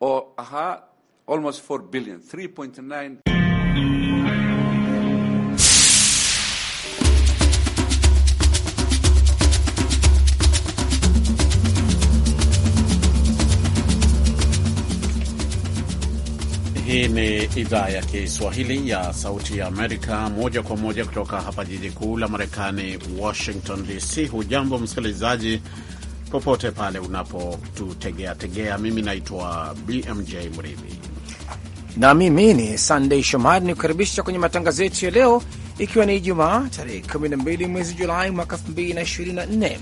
or aha, almost 4 billion, 3.9 Hii ni idhaa ya Kiswahili ya Sauti ya Amerika, moja kwa moja kutoka hapa jiji kuu la Marekani, Washington DC. Hujambo msikilizaji popote pale unapotutegea tegea. Mimi naitwa BMJ Mridhi na mimi ni sandey Shomari, ni kukaribisha kwenye matangazo yetu ya leo, ikiwa ni Ijumaa tarehe 12 mwezi Julai mwaka 2024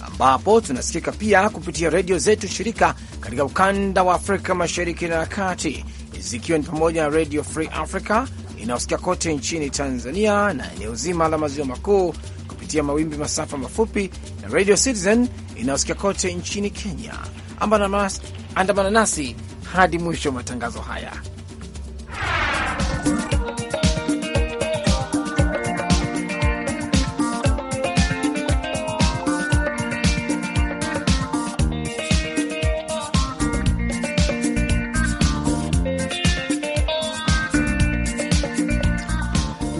ambapo tunasikika pia kupitia redio zetu shirika katika ukanda wa Afrika mashariki na kati, zikiwa ni pamoja na Redio Free Africa inayosikia kote nchini Tanzania na eneo zima la maziwa makuu kupitia mawimbi masafa mafupi na Radio Citizen inayosikia kote nchini Kenya. Andamana nasi hadi mwisho wa matangazo haya.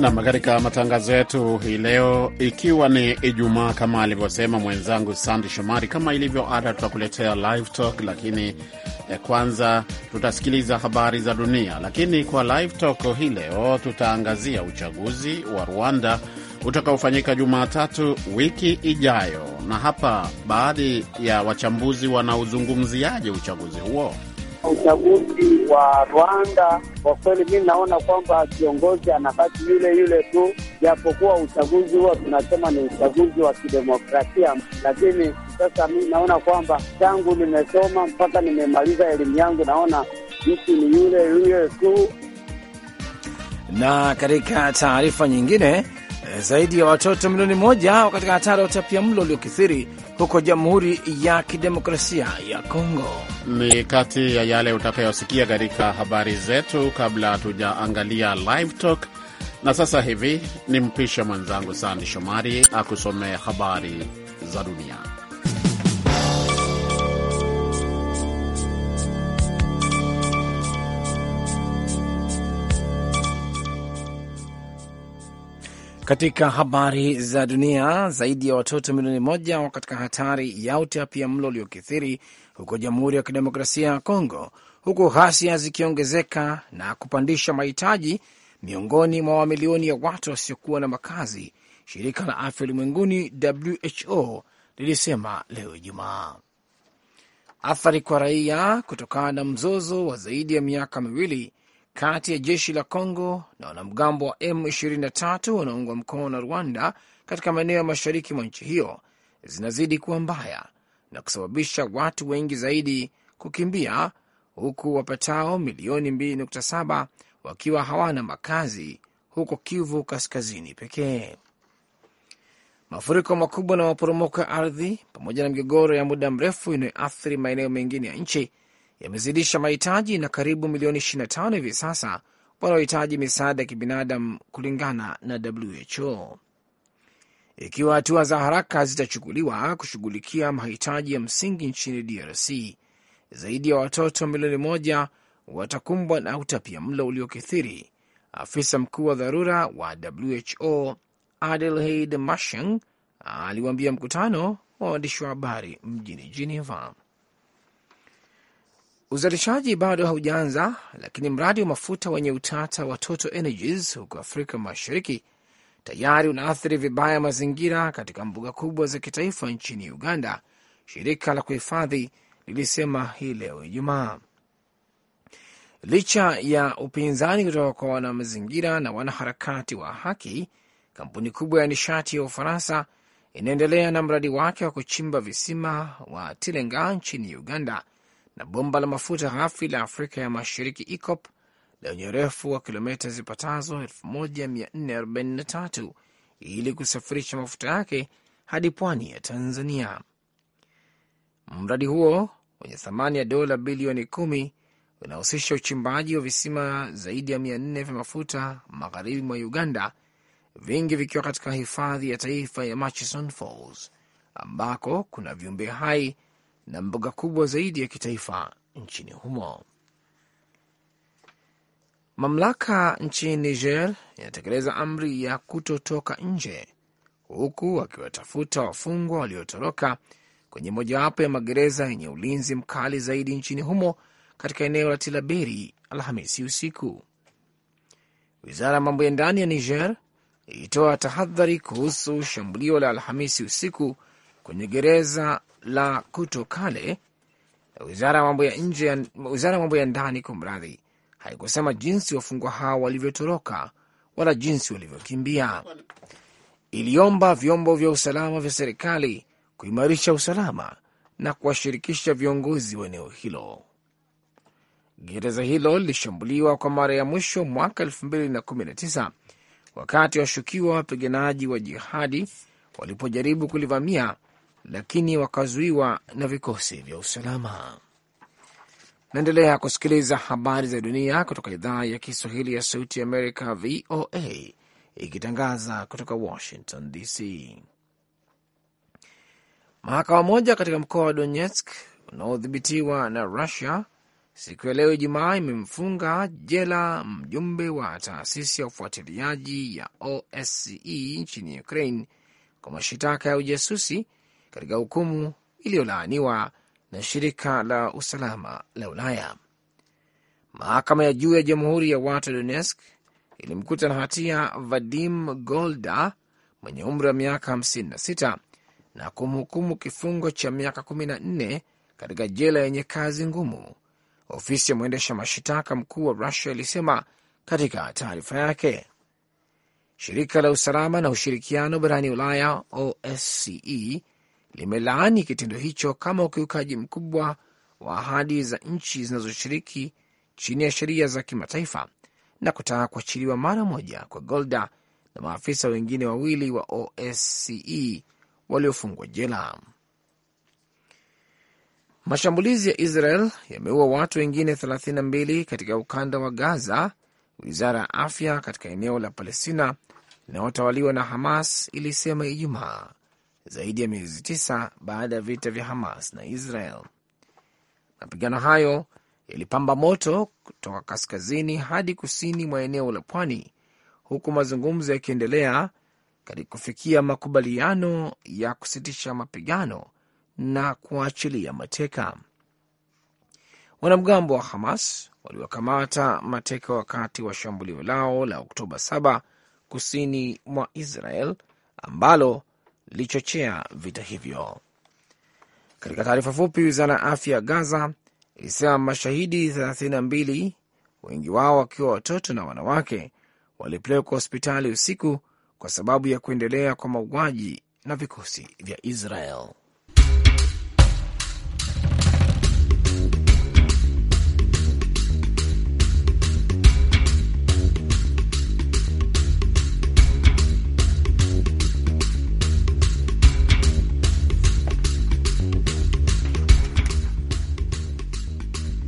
Nam, katika matangazo yetu hii leo, ikiwa ni Ijumaa kama alivyosema mwenzangu Sandi Shomari, kama ilivyo ada, tutakuletea live talk, lakini eh, kwanza tutasikiliza habari za dunia. Lakini kwa live talk hii leo tutaangazia uchaguzi wa Rwanda utakaofanyika Jumatatu wiki ijayo, na hapa baadhi ya wachambuzi wanaozungumziaje uchaguzi huo uchaguzi wa Rwanda, kwa kweli mi naona kwamba kiongozi anabaki yule yule tu, japokuwa uchaguzi huo tunasema ni uchaguzi wa kidemokrasia, lakini sasa mi naona kwamba tangu nimesoma mpaka nimemaliza elimu yangu, naona nchi ni yule yule tu. Na katika taarifa nyingine, eh, zaidi ya watoto milioni moja katika hatari ya utapia mlo uliokithiri huko Jamhuri ya Kidemokrasia ya Kongo. Ni kati ya yale utakayosikia katika habari zetu, kabla hatujaangalia live talk. Na sasa hivi ni mpishe mwenzangu Sandi Shomari akusomee habari za dunia. Katika habari za dunia, zaidi ya watoto milioni moja wa katika hatari ya utapia mlo uliokithiri huko Jamhuri ya Kidemokrasia ya Kongo, huku ghasia zikiongezeka na kupandisha mahitaji miongoni mwa mamilioni ya watu wasiokuwa na makazi, shirika la afya ulimwenguni WHO lilisema leo Ijumaa. Athari kwa raia kutokana na mzozo wa zaidi ya miaka miwili kati ya jeshi la Congo na wanamgambo wa M23 wanaoungwa mkono na Rwanda katika maeneo ya mashariki mwa nchi hiyo zinazidi kuwa mbaya na kusababisha watu wengi zaidi kukimbia, huku wapatao milioni 2.7 wakiwa hawana makazi huko Kivu Kaskazini pekee. Mafuriko makubwa na maporomoko ya ardhi pamoja na migogoro ya muda mrefu inayoathiri maeneo mengine ya nchi yamezidisha mahitaji na karibu milioni 25 hivi sasa wanaohitaji misaada ya kibinadamu kulingana na WHO. Ikiwa hatua za haraka zitachukuliwa kushughulikia mahitaji ya msingi nchini DRC, zaidi ya watoto milioni moja watakumbwa na utapia mlo uliokithiri, afisa mkuu wa dharura wa WHO Adelheid Mashing aliwaambia mkutano wa waandishi wa habari mjini Geneva. Uzalishaji bado haujaanza, lakini mradi wa mafuta wenye utata wa Total Energies huko Afrika Mashariki tayari unaathiri vibaya mazingira katika mbuga kubwa za kitaifa nchini Uganda, shirika la kuhifadhi lilisema hii leo Ijumaa. Licha ya upinzani kutoka kwa wanamazingira na wanaharakati wa haki, kampuni kubwa ya nishati ya Ufaransa inaendelea na mradi wake wa kuchimba visima wa Tilenga nchini Uganda na bomba la mafuta ghafi la Afrika ya Mashariki ECOP lenye urefu wa kilomita zipatazo 1443 ili kusafirisha mafuta yake hadi pwani ya Tanzania. Mradi huo wenye thamani ya dola bilioni kumi unahusisha uchimbaji wa visima zaidi ya 4 vya mafuta magharibi mwa Uganda, vingi vikiwa katika hifadhi ya taifa ya Murchison Falls ambako kuna viumbe hai na mbuga kubwa zaidi ya kitaifa nchini humo. Mamlaka nchini Niger inatekeleza amri ya kutotoka nje huku wakiwatafuta wafungwa waliotoroka kwenye mojawapo ya magereza yenye ulinzi mkali zaidi nchini humo katika eneo la Tilaberi Alhamisi usiku. Wizara ya mambo ya ndani ya Niger ilitoa tahadhari kuhusu shambulio la Alhamisi usiku kwenye gereza la kuto kale wizara ya mambo ya ndani kwa mradhi haikusema jinsi wafungwa hao walivyotoroka wala jinsi walivyokimbia. Iliomba vyombo vya usalama vya serikali kuimarisha usalama na kuwashirikisha viongozi wa eneo hilo. Gereza hilo lilishambuliwa kwa mara ya mwisho mwaka 2019 wakati washukiwa wapiganaji wa jihadi walipojaribu kulivamia lakini wakazuiwa na vikosi vya usalama. Naendelea kusikiliza habari za dunia kutoka idhaa ya Kiswahili ya Sauti ya Amerika, VOA, ikitangaza kutoka Washington DC. Mahakama moja katika mkoa wa Donetsk unaodhibitiwa na Rusia siku ya leo Ijumaa imemfunga jela mjumbe wa taasisi ya ufuatiliaji ya OSCE nchini Ukraine kwa mashitaka ya ujasusi katika hukumu iliyolaaniwa na shirika la usalama la Ulaya. Mahakama ya juu ya jamhuri ya watu Donetsk ilimkuta na hatia Vadim Golda mwenye umri wa miaka 56 na kumhukumu kifungo cha miaka 14 katika jela yenye kazi ngumu, ofisi ya mwendesha mashitaka mkuu wa Rusia ilisema katika taarifa yake. Shirika la usalama na ushirikiano barani Ulaya, OSCE, limelaani kitendo hicho kama ukiukaji mkubwa wa ahadi za nchi zinazoshiriki chini ya sheria za kimataifa na kutaka kuachiliwa mara moja kwa Golda na maafisa wengine wawili wa OSCE waliofungwa jela. Mashambulizi ya Israel yameua watu wengine 32 katika ukanda wa Gaza, wizara ya afya katika eneo la Palestina linaotawaliwa na Hamas ilisema Ijumaa zaidi ya miezi tisa baada ya vita vya Hamas na Israel. Mapigano hayo yalipamba moto kutoka kaskazini hadi kusini mwa eneo la pwani, huku mazungumzo yakiendelea katika kufikia makubaliano ya kusitisha mapigano na kuachilia mateka. Wanamgambo wa Hamas waliwakamata mateka wakati wa shambulio lao la Oktoba 7 kusini mwa Israel ambalo lilichochea vita hivyo. Katika taarifa fupi, wizara ya afya ya Gaza ilisema mashahidi 32 wengi wao wakiwa watoto na wanawake walipelekwa hospitali usiku kwa sababu ya kuendelea kwa mauaji na vikosi vya Israel.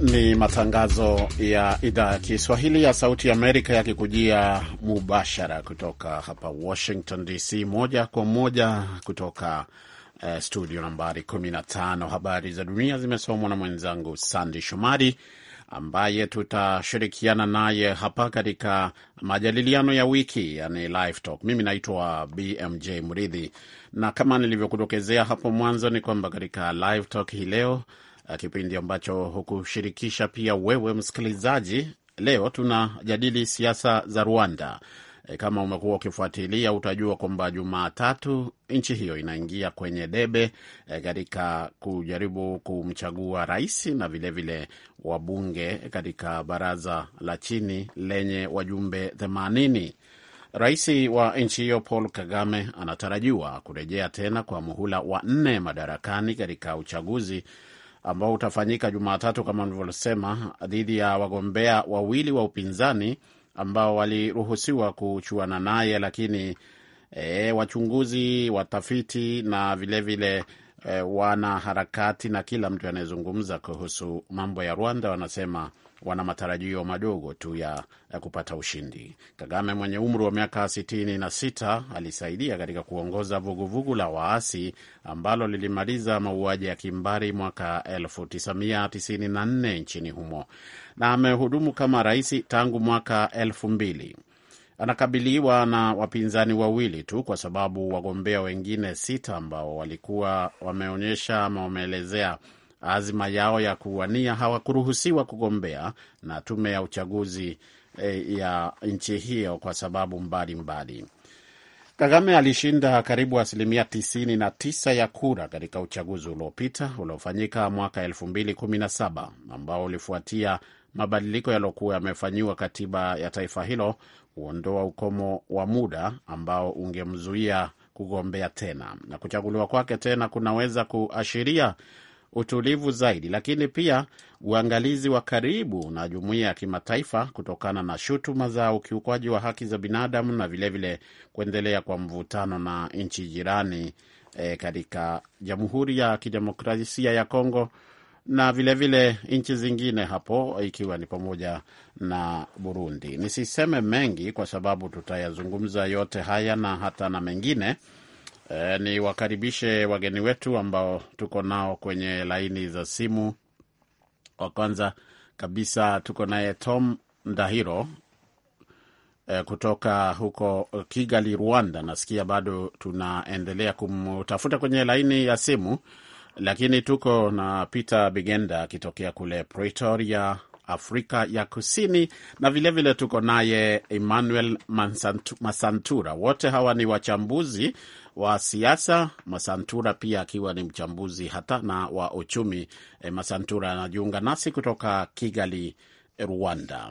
Ni matangazo ya idhaa ya Kiswahili ya Sauti ya Amerika yakikujia mubashara kutoka hapa Washington DC, moja kwa moja kutoka eh, studio nambari 15. Habari za dunia zimesomwa na mwenzangu Sandi Shomari ambaye tutashirikiana naye hapa katika majadiliano ya wiki yani live talk. Mimi naitwa BMJ Mridhi, na kama nilivyokutokezea hapo mwanzo ni kwamba katika live talk hii leo Ah, kipindi ambacho hukushirikisha pia wewe msikilizaji. Leo tunajadili siasa za Rwanda. E, kama umekuwa ukifuatilia utajua kwamba Jumatatu nchi hiyo inaingia kwenye debe eh, katika e, kujaribu kumchagua rais na vilevile wabunge katika baraza la chini lenye wajumbe themanini. Rais wa nchi hiyo Paul Kagame anatarajiwa kurejea tena kwa muhula wa nne madarakani katika uchaguzi ambao utafanyika Jumatatu kama nilivyosema, dhidi ya wagombea wawili wa upinzani ambao waliruhusiwa kuchuana naye, lakini e, wachunguzi, watafiti na vilevile vile, e, wanaharakati na kila mtu anayezungumza kuhusu mambo ya Rwanda wanasema wana matarajio madogo tu ya, ya kupata ushindi. Kagame mwenye umri wa miaka sitini na sita alisaidia katika kuongoza vuguvugu vugu la waasi ambalo lilimaliza mauaji ya kimbari mwaka 1994 nchini humo na amehudumu kama rais tangu mwaka elfu mbili. Anakabiliwa na wapinzani wawili tu kwa sababu wagombea wengine sita ambao walikuwa wameonyesha ama wameelezea azima yao ya kuwania hawakuruhusiwa kugombea na tume ya uchaguzi e, ya nchi hiyo kwa sababu mbalimbali mbali. Kagame alishinda karibu asilimia 99 ya kura katika uchaguzi uliopita uliofanyika mwaka 2017 ambao ulifuatia mabadiliko yaliokuwa yamefanyiwa katiba ya taifa hilo kuondoa ukomo wa muda ambao ungemzuia kugombea tena, na kuchaguliwa kwake tena kunaweza kuashiria utulivu zaidi, lakini pia uangalizi wa karibu na jumuiya ya kimataifa kutokana na shutuma za ukiukwaji wa haki za binadamu na vilevile kuendelea kwa mvutano na nchi jirani e, katika Jamhuri ya Kidemokrasia ya Kongo na vilevile nchi zingine hapo ikiwa ni pamoja na Burundi. Nisiseme mengi kwa sababu tutayazungumza yote haya na hata na mengine E, ni wakaribishe wageni wetu ambao tuko nao kwenye laini za simu. wa kwanza kabisa tuko naye Tom Ndahiro e, kutoka huko Kigali, Rwanda. Nasikia bado tunaendelea kumtafuta kwenye laini ya simu, lakini tuko na Peter Bigenda akitokea kule Pretoria, Afrika ya Kusini, na vilevile vile tuko naye Emmanuel Masantura. Wote hawa ni wachambuzi wa siasa Masantura pia akiwa ni mchambuzi hata na wa uchumi. E, Masantura anajiunga nasi kutoka Kigali, Rwanda.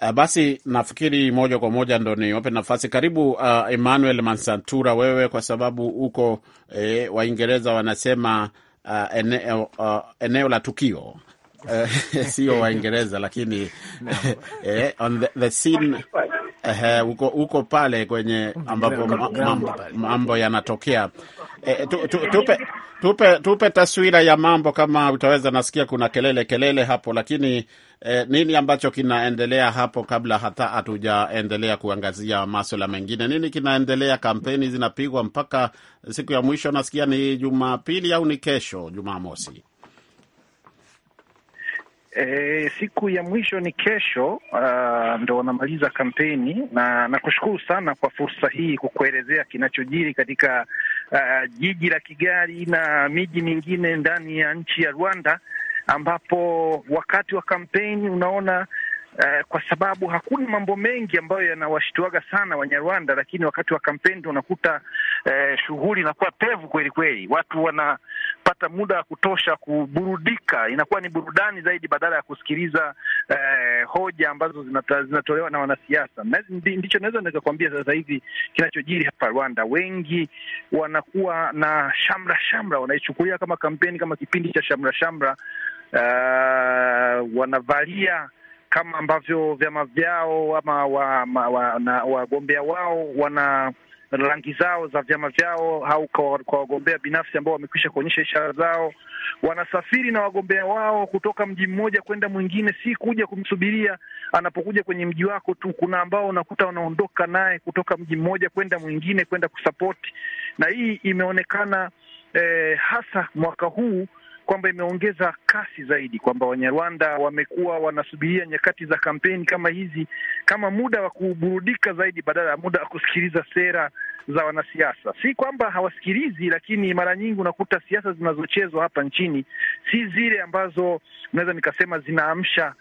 E, basi nafikiri moja kwa moja ndo niwape nafasi. Karibu uh, Emmanuel Masantura, wewe kwa sababu uko e, Waingereza wanasema uh, eneo, uh, uh, eneo la tukio e, sio Waingereza lakini eh, on the, the scene ehe, uko, uko pale kwenye ambapo mambo, mambo yanatokea. E, tu, tu, tupe, tupe, tupe taswira ya mambo kama utaweza. Nasikia kuna kelele kelele hapo, lakini e, nini ambacho kinaendelea hapo, kabla hata hatujaendelea kuangazia maswala mengine? Nini kinaendelea? Kampeni zinapigwa mpaka siku ya mwisho, nasikia ni Jumapili au ni kesho Jumamosi? E, siku ya mwisho ni kesho, uh, ndo wanamaliza kampeni, na nakushukuru sana kwa fursa hii kukuelezea kinachojiri katika uh, jiji la Kigali na miji mingine ndani ya nchi ya Rwanda ambapo wakati wa kampeni unaona Eh, kwa sababu hakuna mambo mengi ambayo yanawashituaga sana Wanyarwanda, lakini wakati wa kampeni unakuta eh, shughuli inakuwa pevu kweli kweli, watu wanapata muda wa kutosha kuburudika, inakuwa ni burudani zaidi badala ya kusikiliza eh, hoja ambazo zinata, zinatolewa na wanasiasa. Ndicho naweza naweza kuambia sasa hivi kinachojiri hapa Rwanda, wengi wanakuwa na shamra shamra, wanaichukulia kama kampeni, kama kipindi cha shamra shamra, uh, wanavalia kama ambavyo vyama vyao ama wagombea wa, wa, wao wana rangi zao za vyama vyao au kwa wagombea binafsi ambao wamekwisha kuonyesha ishara zao, wanasafiri na wagombea wao kutoka mji mmoja kwenda mwingine, si kuja kumsubiria anapokuja kwenye mji wako tu. Kuna ambao unakuta wanaondoka naye kutoka mji mmoja kwenda mwingine kwenda kusapoti, na hii imeonekana eh, hasa mwaka huu kwamba imeongeza kasi zaidi, kwamba Wanyarwanda wamekuwa wanasubiria nyakati za kampeni kama hizi kama muda wa kuburudika zaidi badala ya muda wa kusikiliza sera za wanasiasa. Si kwamba hawasikilizi, lakini mara nyingi unakuta siasa zinazochezwa hapa nchini si zile ambazo unaweza nikasema zinaamsha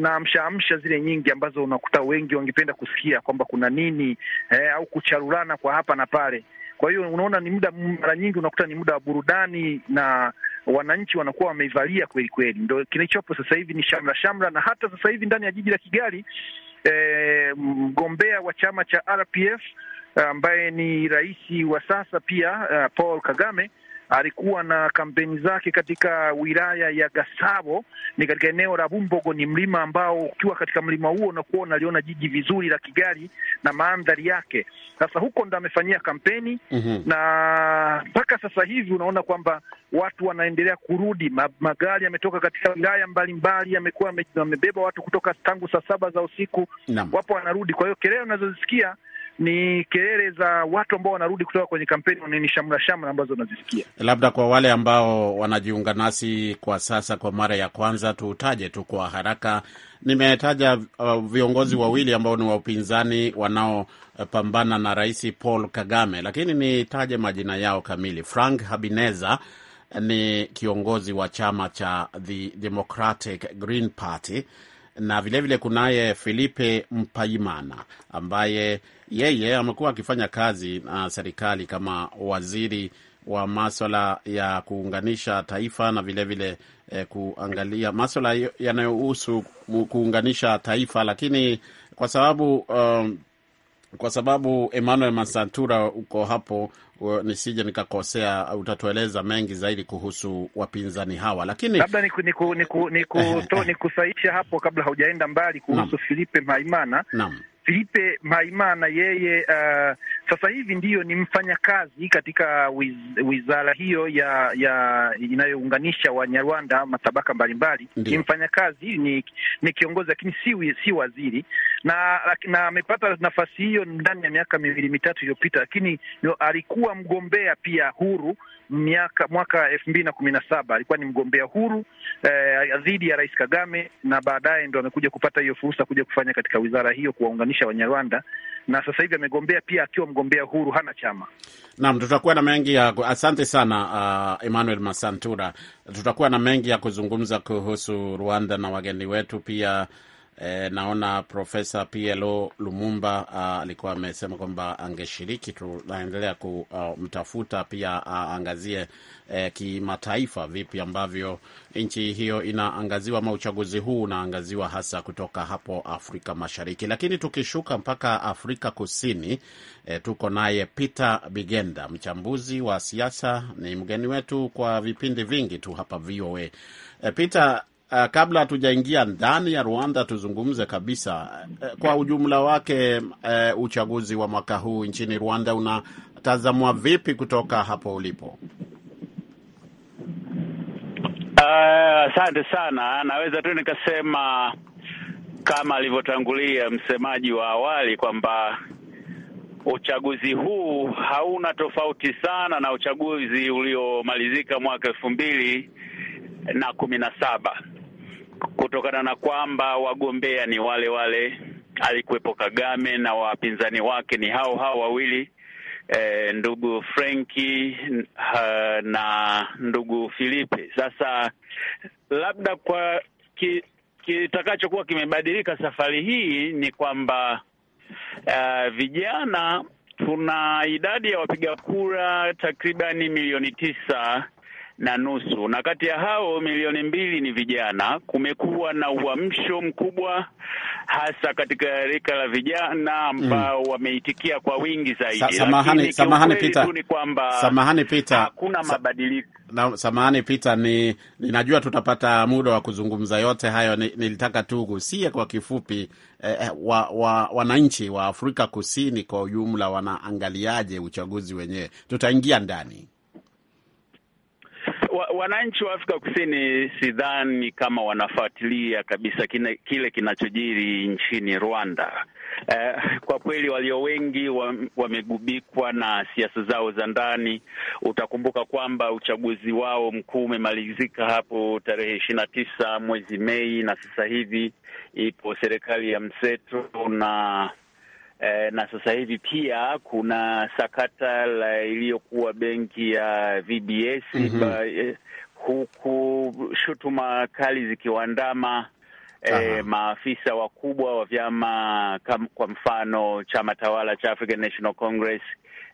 Uh, amsha zile nyingi ambazo unakuta wengi wangependa kusikia kwamba kuna nini eh, au kucharulana kwa hapa na pale. Kwa hiyo unaona, ni muda mara nyingi unakuta ni muda wa burudani na wananchi wanakuwa wameivalia kweli kweli. Ndo kilichopo sasa hivi ni shamra shamra, na hata sasa hivi ndani ya jiji la Kigali e, mgombea wa chama cha RPF ambaye ni rais wa sasa pia uh, Paul Kagame alikuwa na kampeni zake katika wilaya ya Gasabo, ni katika eneo la Bumbogo. Ni mlima ambao ukiwa katika mlima huo unakuwa unaliona jiji vizuri la Kigali na mandhari yake. Sasa huko ndo amefanyia kampeni mm -hmm. na mpaka sasa hivi unaona kwamba watu wanaendelea kurudi, magari yametoka katika wilaya mbalimbali, yamekuwa yamebeba watu kutoka tangu saa saba za usiku, wapo wanarudi. Kwa hiyo kelele unazozisikia ni kelele za watu ambao wanarudi kutoka kwenye kampeni, ni shamra shamra ambazo unazisikia. Labda kwa wale ambao wanajiunga nasi kwa sasa kwa mara ya kwanza, tutaje tu kwa haraka. Nimetaja uh, viongozi wawili ambao ni wa upinzani wanaopambana na Rais Paul Kagame, lakini nitaje majina yao kamili. Frank Habineza ni kiongozi wa chama cha The Democratic Green Party na vilevile kunaye Filipe Mpaimana ambaye yeye amekuwa akifanya kazi na serikali kama waziri wa maswala ya kuunganisha taifa na vilevile vile, eh, kuangalia maswala yanayohusu kuunganisha taifa, lakini kwa sababu um, kwa sababu Emmanuel Masantura uko hapo, nisije nikakosea, utatueleza mengi zaidi kuhusu wapinzani hawa, lakini labda nikusaisha hapo kabla haujaenda mbali kuhusu Filipe Maimana. Naam. Filipe Maimana yeye uh, sasa hivi ndiyo ni mfanyakazi katika wizara hiyo ya ya inayounganisha Wanyarwanda matabaka mbalimbali. Ni mfanyakazi, ni ni kiongozi, lakini si si waziri, na na amepata nafasi hiyo ndani ya miaka miwili mitatu iliyopita, lakini alikuwa mgombea pia huru miaka mwaka elfu mbili na kumi na saba alikuwa ni mgombea huru eh, dhidi ya Rais Kagame, na baadaye ndo amekuja kupata hiyo fursa kuja kufanya katika wizara hiyo kuwaunganisha Wanyarwanda na sasa hivi amegombea pia akiwa mgombea huru, hana chama. Naam, tutakuwa na mengi ya asante sana uh, Emmanuel Masantura. Tutakuwa na mengi ya kuzungumza kuhusu Rwanda na wageni wetu pia E, naona Profesa PLO Lumumba ah, alikuwa amesema kwamba angeshiriki. Tunaendelea kumtafuta ah, pia aangazie ah, e, eh, kimataifa vipi ambavyo nchi hiyo inaangaziwa ama uchaguzi huu unaangaziwa hasa kutoka hapo Afrika Mashariki. Lakini tukishuka mpaka Afrika Kusini, e, tuko naye Peter Bigenda, mchambuzi wa siasa, ni mgeni wetu kwa vipindi vingi tu hapa VOA. E, Peter, Uh, kabla hatujaingia ndani ya Rwanda tuzungumze kabisa uh, kwa ujumla wake uh, uchaguzi wa mwaka huu nchini Rwanda unatazamwa vipi kutoka hapo ulipo? Asante uh, sana. Naweza tu nikasema kama alivyotangulia msemaji wa awali kwamba uchaguzi huu hauna tofauti sana na uchaguzi uliomalizika mwaka elfu mbili na kumi na saba kutokana na kwamba wagombea ni wale wale, alikuwepo Kagame na wapinzani wake ni hao hao wawili eh, ndugu Frenki uh, na ndugu Filipe. Sasa labda kwa kitakachokuwa ki, kimebadilika safari hii ni kwamba uh, vijana tuna idadi ya wapiga kura takribani milioni tisa na nusu, na kati ya hao milioni mbili ni vijana. Kumekuwa na uamsho mkubwa hasa katika rika la vijana ambao mm. wameitikia kwa wingi zaidi. Samahani, samahani Pita, samahani hakuna mabadiliko. Samahani Pita, ni ninajua tutapata muda wa kuzungumza yote hayo. Nilitaka tu gusie kwa kifupi eh, eh, wa, wa, wananchi wa Afrika Kusini kwa ujumla wanaangaliaje uchaguzi wenyewe? Tutaingia ndani wananchi wa Afrika Kusini sidhani kama wanafuatilia kabisa kine, kile kinachojiri nchini Rwanda. Eh, kwa kweli walio wengi wamegubikwa wa na siasa zao za ndani. Utakumbuka kwamba uchaguzi wao mkuu umemalizika hapo tarehe ishirini na tisa mwezi Mei, na sasa hivi ipo serikali ya mseto na eh, na sasa hivi pia kuna sakata la iliyokuwa benki ya VBS mm -hmm. ba, eh, huku shutuma kali zikiwaandama e, maafisa wakubwa wa vyama kam, kwa mfano chama tawala cha African National Congress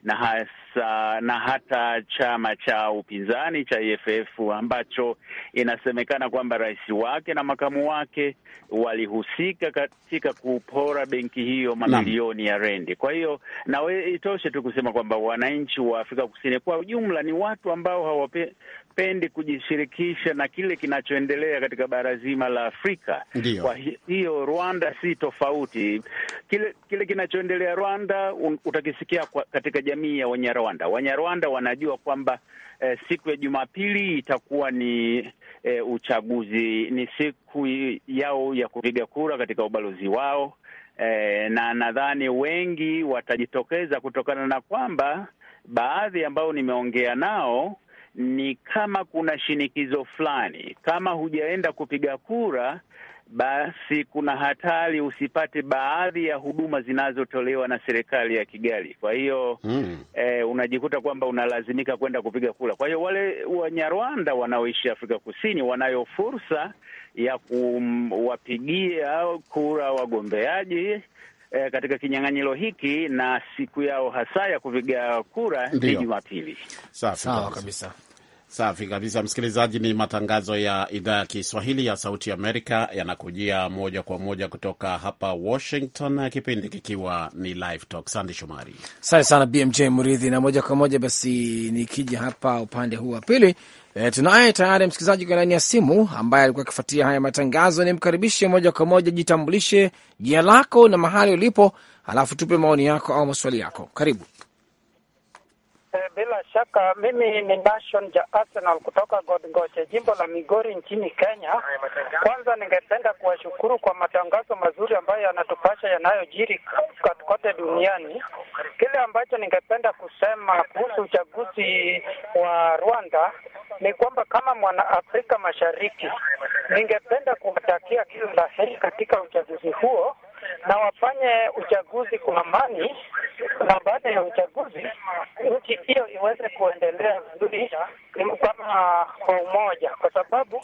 na hasa na hata chama cha upinzani cha EFF ambacho inasemekana kwamba rais wake na makamu wake walihusika katika kupora benki hiyo mamilioni ya rendi. Kwa hiyo na itoshe tu kusema kwamba wananchi wa Afrika Kusini kwa ujumla ni watu ambao hawape, hawapendi kujishirikisha na kile kinachoendelea katika bara zima la Afrika. Ndiyo. Kwa hiyo Rwanda si tofauti. Kile kile kinachoendelea Rwanda utakisikia kwa, katika jamii ya Wanyarwanda. Wanyarwanda wanajua kwamba eh, siku ya Jumapili itakuwa ni eh, uchaguzi, ni siku yao ya kupiga kura katika ubalozi wao. Eh, na nadhani wengi watajitokeza kutokana na kwamba baadhi ambao nimeongea nao ni kama kuna shinikizo fulani, kama hujaenda kupiga kura basi kuna hatari usipate baadhi ya huduma zinazotolewa na serikali ya Kigali. Kwa hiyo mm, eh, unajikuta kwamba unalazimika kwenda kupiga kura. Kwa hiyo wale Wanyarwanda wanaoishi Afrika Kusini wanayo fursa ya kuwapigia kura wagombeaji e, katika kinyang'anyiro hiki na siku yao hasa ya kupiga kura ni Jumapili. Sawa kabisa. Safi kabisa, msikilizaji. Ni matangazo ya idhaa ya Kiswahili ya Sauti Amerika yanakujia moja kwa moja kutoka hapa Washington, kipindi kikiwa ni Live Talk. Sande Shomari, asante sana BMJ Muridhi. Na moja kwa moja basi nikija hapa upande huu wa pili, e, tunaye tayari msikilizaji kwa ndani ya simu ambaye alikuwa akifuatia haya matangazo. Nimkaribishe moja kwa moja, jitambulishe jina lako na mahali ulipo, alafu tupe maoni yako au maswali yako. Karibu. Eh, bila shaka mimi ni Nation ja Arsenal kutoka Godgoche, jimbo la Migori nchini Kenya. Kwanza ningependa kuwashukuru kwa matangazo mazuri ambayo yanatupasha yanayojiri kote duniani. Kile ambacho ningependa kusema kuhusu uchaguzi wa Rwanda ni kwamba kama mwana Afrika Mashariki, ningependa kuwatakia kila la heri katika uchaguzi huo na wafanye uchaguzi kwa amani, na baada ya uchaguzi nchi hiyo iweze kuendelea vizuri ni kama kwa umoja, kwa sababu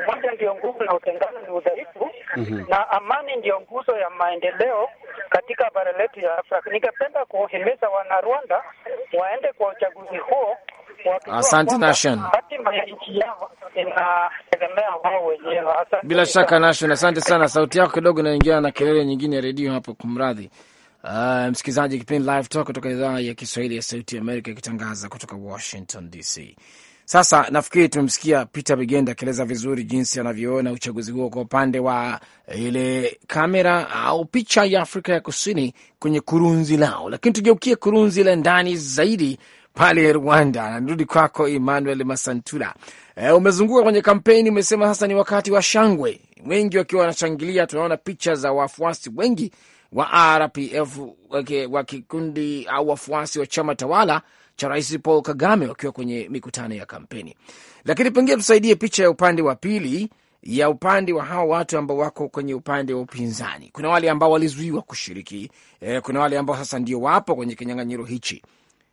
umoja ndio nguvu na utengano ni udhaifu. mm -hmm. Na amani ndiyo nguzo ya maendeleo katika bara letu ya Afrika. Ningependa kuhimiza Wanarwanda waende kwa uchaguzi huo Asante Nation, bila shaka Nation, asante sana. Sauti yako kidogo inaingia na kelele nyingine ya redio hapo, kumradhi. Uh, msikilizaji, kipindi Live Talk kutoka idhaa ya Kiswahili ya Sauti Amerika ikitangaza kutoka Washington DC. Sasa nafikiri tumemsikia Peter Bigenda akieleza vizuri jinsi anavyoona uchaguzi huo kwa upande wa ile kamera au picha ya Afrika ya Kusini kwenye kurunzi lao, lakini tugeukie kurunzi la ndani zaidi pale Rwanda. Narudi kwako Emmanuel Masantula. E, eh, umezunguka kwenye kampeni, umesema sasa ni wakati wa shangwe, wengi wakiwa wanashangilia. Tunaona picha za wafuasi wengi wa RPF wa kikundi au wafuasi wa chama tawala cha Rais Paul Kagame wakiwa kwenye mikutano ya kampeni. Lakini pengine tusaidie picha ya upande wa pili ya upande wa hawa watu ambao wako kwenye upande wa upinzani. Kuna wale ambao walizuiwa kushiriki eh, kuna wale ambao sasa ndio wapo kwenye kinyang'anyiro hichi,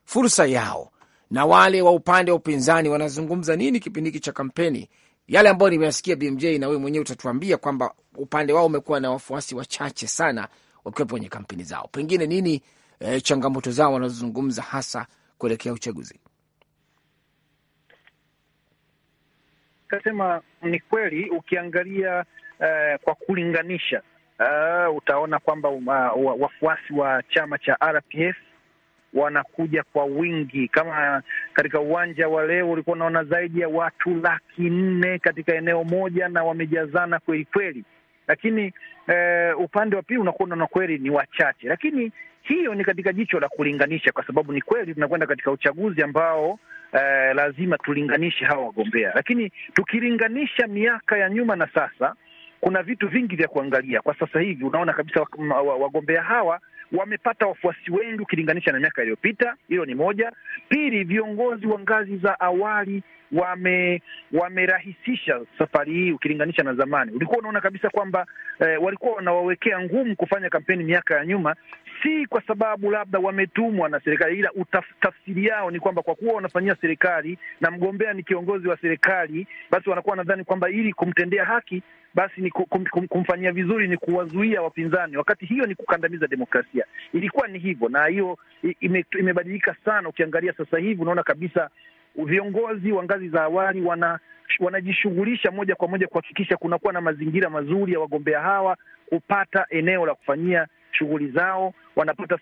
fursa yao, na wale wa upande wa upinzani wanazungumza nini kipindi hiki cha kampeni, yale ambayo nimeyasikia BMJ, na wewe mwenyewe utatuambia kwamba upande wao umekuwa na wafuasi wachache sana wakiwepo kwenye kampeni zao. Pengine nini e, changamoto zao wanazozungumza hasa kuelekea uchaguzi? Kasema ni kweli, ukiangalia uh, kwa kulinganisha uh, utaona kwamba uh, wafuasi wa chama cha RPF wanakuja kwa wingi. Kama katika uwanja wa leo ulikuwa unaona zaidi ya watu laki nne katika eneo moja, na wamejazana kweli kweli lakini eh, upande wa pili unakuwa unaona kweli ni wachache, lakini hiyo ni katika jicho la kulinganisha, kwa sababu ni kweli tunakwenda katika uchaguzi ambao eh, lazima tulinganishe hawa wagombea, lakini tukilinganisha miaka ya nyuma na sasa kuna vitu vingi vya kuangalia. Kwa sasa hivi unaona kabisa wagombea hawa wamepata wafuasi wengi ukilinganisha na miaka iliyopita. Hilo ni moja. Pili, viongozi wa ngazi za awali wame wamerahisisha safari hii ukilinganisha na zamani. Ulikuwa unaona kabisa kwamba eh, walikuwa wanawawekea ngumu kufanya kampeni miaka ya nyuma, si kwa sababu labda wametumwa na serikali, ila tafsiri yao ni kwamba kwa kuwa wanafanyia serikali na mgombea ni kiongozi wa serikali, basi wanakuwa wanadhani kwamba ili kumtendea haki basi ni kum, kum, kumfanyia vizuri ni kuwazuia wapinzani, wakati hiyo ni kukandamiza demokrasia. Ilikuwa ni hivyo, na hiyo ime, imebadilika sana. Ukiangalia sasa hivi unaona kabisa viongozi wa ngazi za awali wana wanajishughulisha moja kwa moja kuhakikisha kunakuwa na mazingira mazuri ya wagombea hawa kupata eneo la kufanyia shughuli zao, wanapata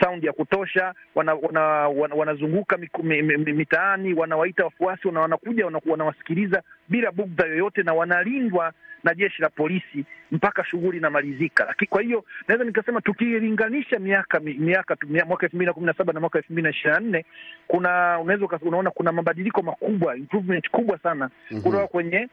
saundi ya kutosha, wanazunguka wana, wana, wana mitaani, wanawaita wafuasi wanakuja wana wanawasikiliza wana bila bugdha yoyote, na wanalindwa na jeshi la polisi mpaka shughuli inamalizika. Lakini kwa hiyo naweza nikasema tukilinganisha miaka miaka mwaka elfu mbili na kumi na saba na mwaka elfu mbili na ishirini na nne kuna unaweza unaona kuna mabadiliko makubwa, improvement kubwa sana mm -hmm. kutoka kwenye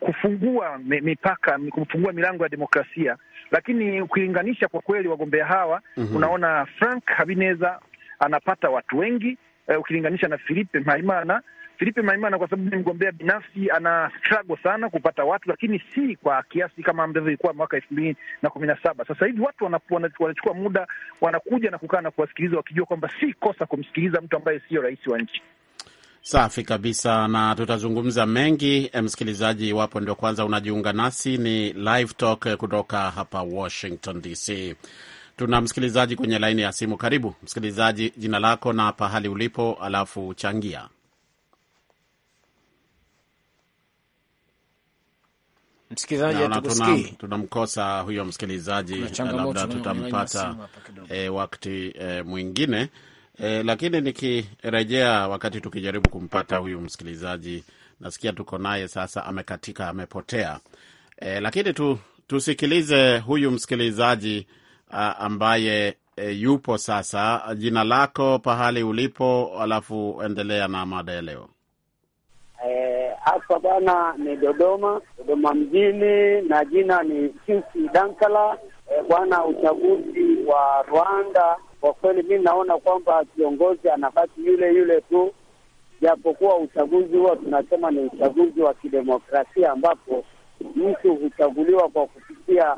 kufungua mipaka, kufungua milango ya demokrasia lakini ukilinganisha kwa kweli wagombea hawa mm -hmm. unaona Frank Habineza anapata watu wengi uh, ukilinganisha na Filipe Maimana. Filipe Maimana kwa sababu ni mgombea binafsi ana struggle sana kupata watu, lakini si kwa kiasi kama ambavyo ilikuwa mwaka elfu mbili na kumi na saba. Sasa hivi watu wanachukua muda, wanakuja na kukaa na kuwasikiliza, wakijua kwamba si kosa kumsikiliza mtu ambaye siyo rais wa nchi. Safi kabisa, na tutazungumza mengi eh, msikilizaji. Iwapo ndio kwanza unajiunga nasi, ni Live Talk eh, kutoka hapa Washington DC. Tuna msikilizaji kwenye laini ya simu. Karibu msikilizaji, jina lako na pahali ulipo, alafu changia. Tunamkosa huyo msikilizaji, eh, labda tutampata e, wakati e, mwingine E, lakini nikirejea wakati tukijaribu kumpata huyu msikilizaji, nasikia tuko naye sasa, amekatika amepotea. E, lakini tu, tusikilize huyu msikilizaji a, ambaye e, yupo sasa. Jina lako, pahali ulipo, alafu endelea na mada ya leo. Hapa e, bwana ni Dodoma, Dodoma mjini, na jina ni Sisi Dankala. E, bwana uchaguzi wa Rwanda kwa kweli mi naona kwamba kiongozi anabaki yule yule tu, japokuwa uchaguzi huo tunasema ni uchaguzi wa kidemokrasia ambapo mtu huchaguliwa kwa kupitia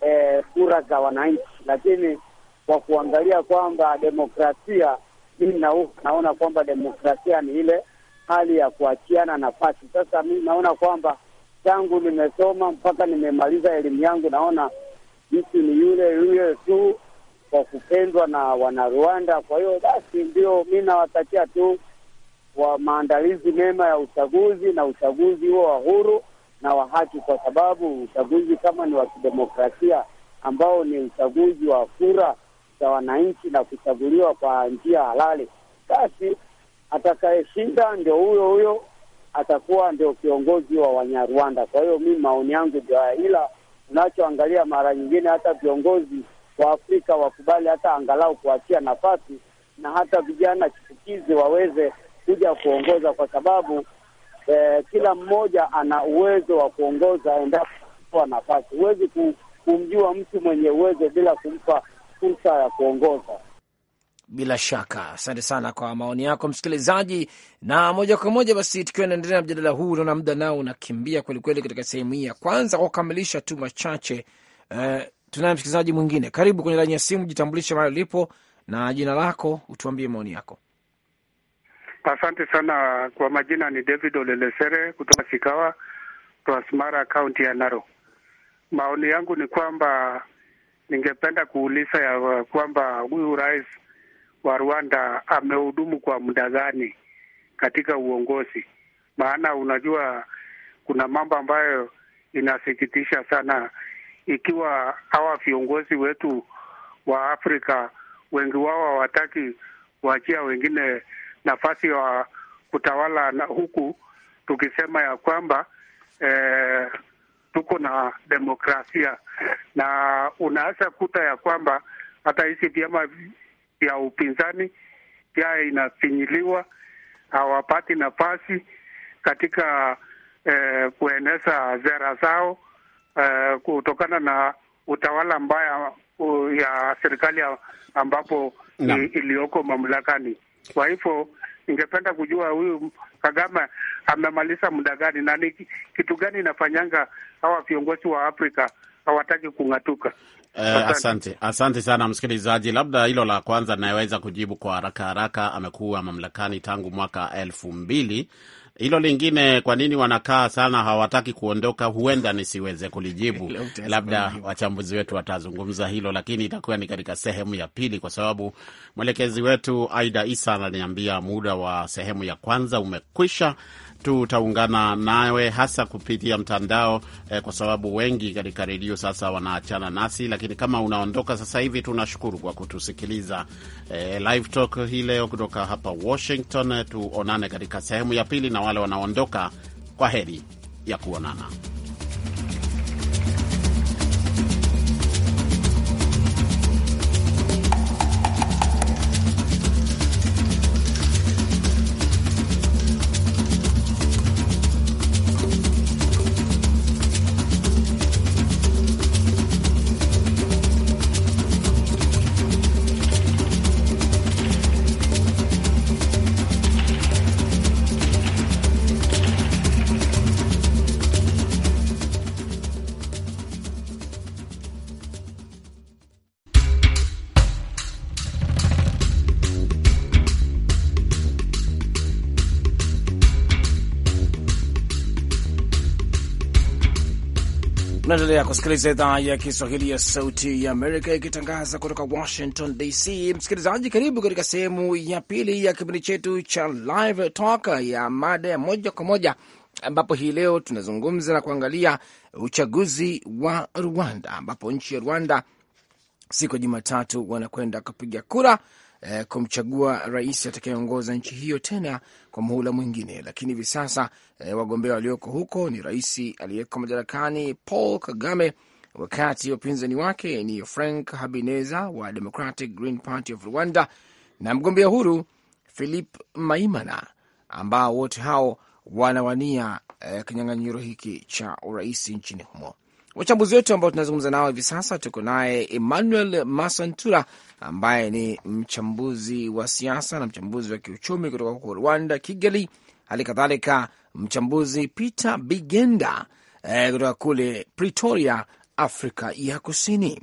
eh, kura za wananchi, lakini kwa kuangalia kwamba demokrasia, mimi naona kwamba demokrasia ni ile hali ya kuachiana nafasi. Sasa mi naona kwamba tangu nimesoma mpaka nimemaliza elimu yangu, naona mtu ni yule yule tu kwa kupendwa na Wanarwanda. Kwa hiyo basi, ndio mi nawatakia tu wa maandalizi mema ya uchaguzi na uchaguzi huo wa huru na wa haki, kwa sababu uchaguzi kama ni wa kidemokrasia ambao ni uchaguzi wa kura za wananchi na kuchaguliwa kwa njia halali, basi atakayeshinda ndio huyo huyo atakuwa ndio kiongozi wa Wanyarwanda. Kwa hiyo mi maoni yangu ndio haya, ila unachoangalia mara nyingine hata viongozi Waafrika wakubali hata angalau kuachia nafasi na hata vijana chipukizi waweze kuja kuongoza, kwa sababu eh, kila mmoja ana uwezo wa kuongoza endapo kwa nafasi. Huwezi kumjua mtu mwenye uwezo bila kumpa fursa ya kuongoza. Bila shaka, asante sana kwa maoni yako msikilizaji. Na moja kwa moja basi, tukiwa naendelea na mjadala huu, unaona muda nao unakimbia kwelikweli katika sehemu hii ya kwanza, kwa kukamilisha tu machache eh, Tunaye msikilizaji mwingine, karibu kwenye laini ya simu. Jitambulishe mahali ulipo na jina lako, utuambie maoni yako. Asante sana kwa majina, ni David Olelesere kutoka Sikawa, Transmara, kaunti ya Naro. Maoni yangu ni kwamba ningependa kuuliza ya kwamba huyu rais wa Rwanda amehudumu kwa muda gani katika uongozi? Maana unajua kuna mambo ambayo inasikitisha sana ikiwa hawa viongozi wetu wa Afrika wengi wao hawataki waachia wengine nafasi ya wa kutawala, na huku tukisema ya kwamba eh, tuko na demokrasia, na unaweza kuta ya kwamba hata hizi vyama vya upinzani pia inafinyiliwa, hawapati nafasi katika eh, kueneza sera zao uh, kutokana na utawala mbaya uh, ya serikali ambapo no. iliyoko mamlakani. Kwa hivyo ningependa kujua huyu Kagame amemaliza muda gani na ni kitu gani inafanyanga hawa viongozi wa Afrika hawataki kung'atuka. Eh, asante asante sana msikilizaji. Labda hilo la kwanza inayoweza kujibu kwa haraka haraka, amekuwa mamlakani tangu mwaka elfu mbili hilo lingine, kwa nini wanakaa sana, hawataki kuondoka? Huenda nisiweze kulijibu labda wachambuzi wetu watazungumza hilo, lakini itakuwa ni katika sehemu ya pili, kwa sababu mwelekezi wetu Aida Isa ananiambia muda wa sehemu ya kwanza umekwisha. Tutaungana nawe hasa kupitia mtandao eh, kwa sababu wengi katika redio sasa wanaachana nasi, lakini kama unaondoka sasa hivi, tunashukuru kwa kutusikiliza. Eh, live talk hii leo kutoka hapa Washington, eh, tuonane katika sehemu ya pili na wale wanaondoka, kwa heri ya kuonana. Naendelea kusikiliza idhaa ya Kiswahili ya Sauti ya Amerika ikitangaza kutoka Washington DC. Msikilizaji, karibu katika sehemu ya pili ya kipindi chetu cha Live Talk ya mada ya moja kwa moja, ambapo hii leo tunazungumza na kuangalia uchaguzi wa Rwanda, ambapo nchi ya Rwanda siku ya Jumatatu wanakwenda kupiga kura eh, kumchagua rais atakayeongoza nchi hiyo tena kwa muhula mwingine. Lakini hivi sasa eh, wagombea walioko huko ni rais aliyeko madarakani Paul Kagame, wakati upinzani wake ni Frank Habineza wa Democratic Green Party of Rwanda na mgombea huru Philip Maimana, ambao wote hao wanawania eh, kinyang'anyiro hiki cha urais nchini humo. Wachambuzi wetu ambao tunazungumza nao hivi sasa, tuko naye Emmanuel Masantura ambaye ni mchambuzi wa siasa na mchambuzi wa kiuchumi kutoka huko Rwanda, Kigali, hali kadhalika mchambuzi Peter Bigenda eh, kutoka kule Pretoria, Afrika ya Kusini.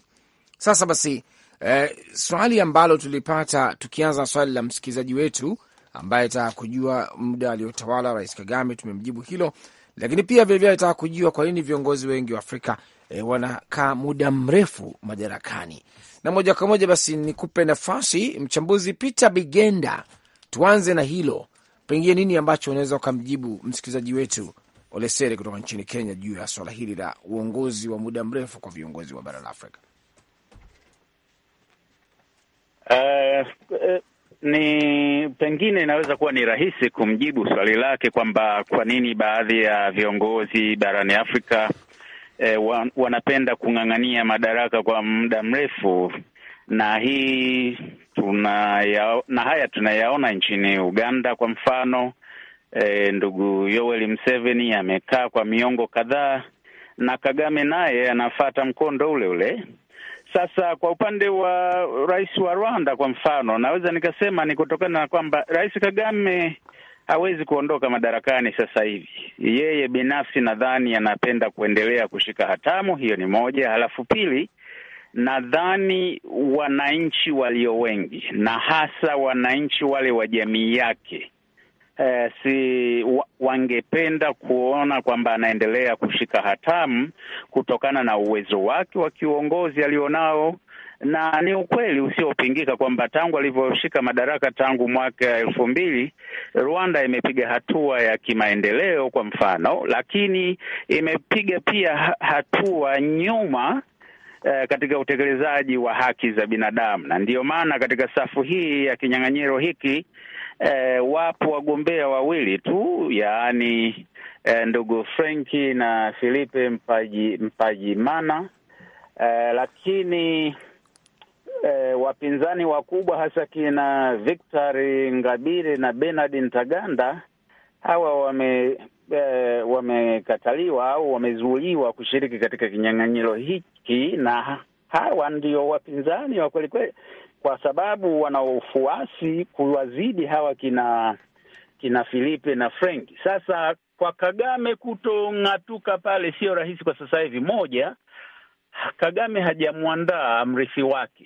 Sasa basi, eh, swali ambalo tulipata tukianza swali la msikilizaji wetu ambaye taka kujua muda aliotawala Rais Kagame, tumemjibu hilo lakini pia vilevile alitaka kujua kwa nini viongozi wengi wa Afrika e, wanakaa muda mrefu madarakani. Na moja kwa moja basi nikupe nafasi mchambuzi Peter Bigenda, tuanze na hilo, pengine nini ambacho unaweza ukamjibu msikilizaji wetu Olesere kutoka nchini Kenya juu ya swala hili la uongozi wa muda mrefu kwa viongozi wa bara la Afrika. Uh, ni pengine inaweza kuwa ni rahisi kumjibu swali lake kwamba kwa nini baadhi ya viongozi barani Afrika e, wanapenda kung'ang'ania madaraka kwa muda mrefu, na hii tunaya, na haya tunayaona nchini Uganda kwa mfano. e, ndugu Yoweri Museveni amekaa kwa miongo kadhaa na Kagame naye anafata mkondo ule ule sasa kwa upande wa rais wa Rwanda kwa mfano, naweza nikasema ni kutokana na kwamba Rais Kagame hawezi kuondoka madarakani sasa hivi. Yeye binafsi nadhani anapenda kuendelea kushika hatamu, hiyo ni moja. Halafu pili, nadhani wananchi walio wengi na hasa wananchi wale wa jamii yake eh, si wangependa kuona kwamba anaendelea kushika hatamu kutokana na uwezo wake wa kiuongozi alionao na ni ukweli usiopingika kwamba tangu alivyoshika madaraka tangu mwaka elfu mbili Rwanda imepiga hatua ya kimaendeleo kwa mfano, lakini imepiga pia hatua nyuma eh, katika utekelezaji wa haki za binadamu, na ndiyo maana katika safu hii ya kinyang'anyiro hiki e, wapo wagombea wawili tu yaani e, ndugu Frenki na Filipe Mpaji, Mpajimana e, lakini e, wapinzani wakubwa hasa kina Victor Ngabire na Bernard Ntaganda hawa wame e, wamekataliwa au wamezuiliwa kushiriki katika kinyang'anyiro hiki na hawa ndio wapinzani wa kweli kweli kwa sababu wana ufuasi kuwazidi hawa kina kina Filipe na Frank. Sasa kwa Kagame kutong'atuka pale sio rahisi kwa sasa hivi. Moja, Kagame hajamwandaa mrithi wake.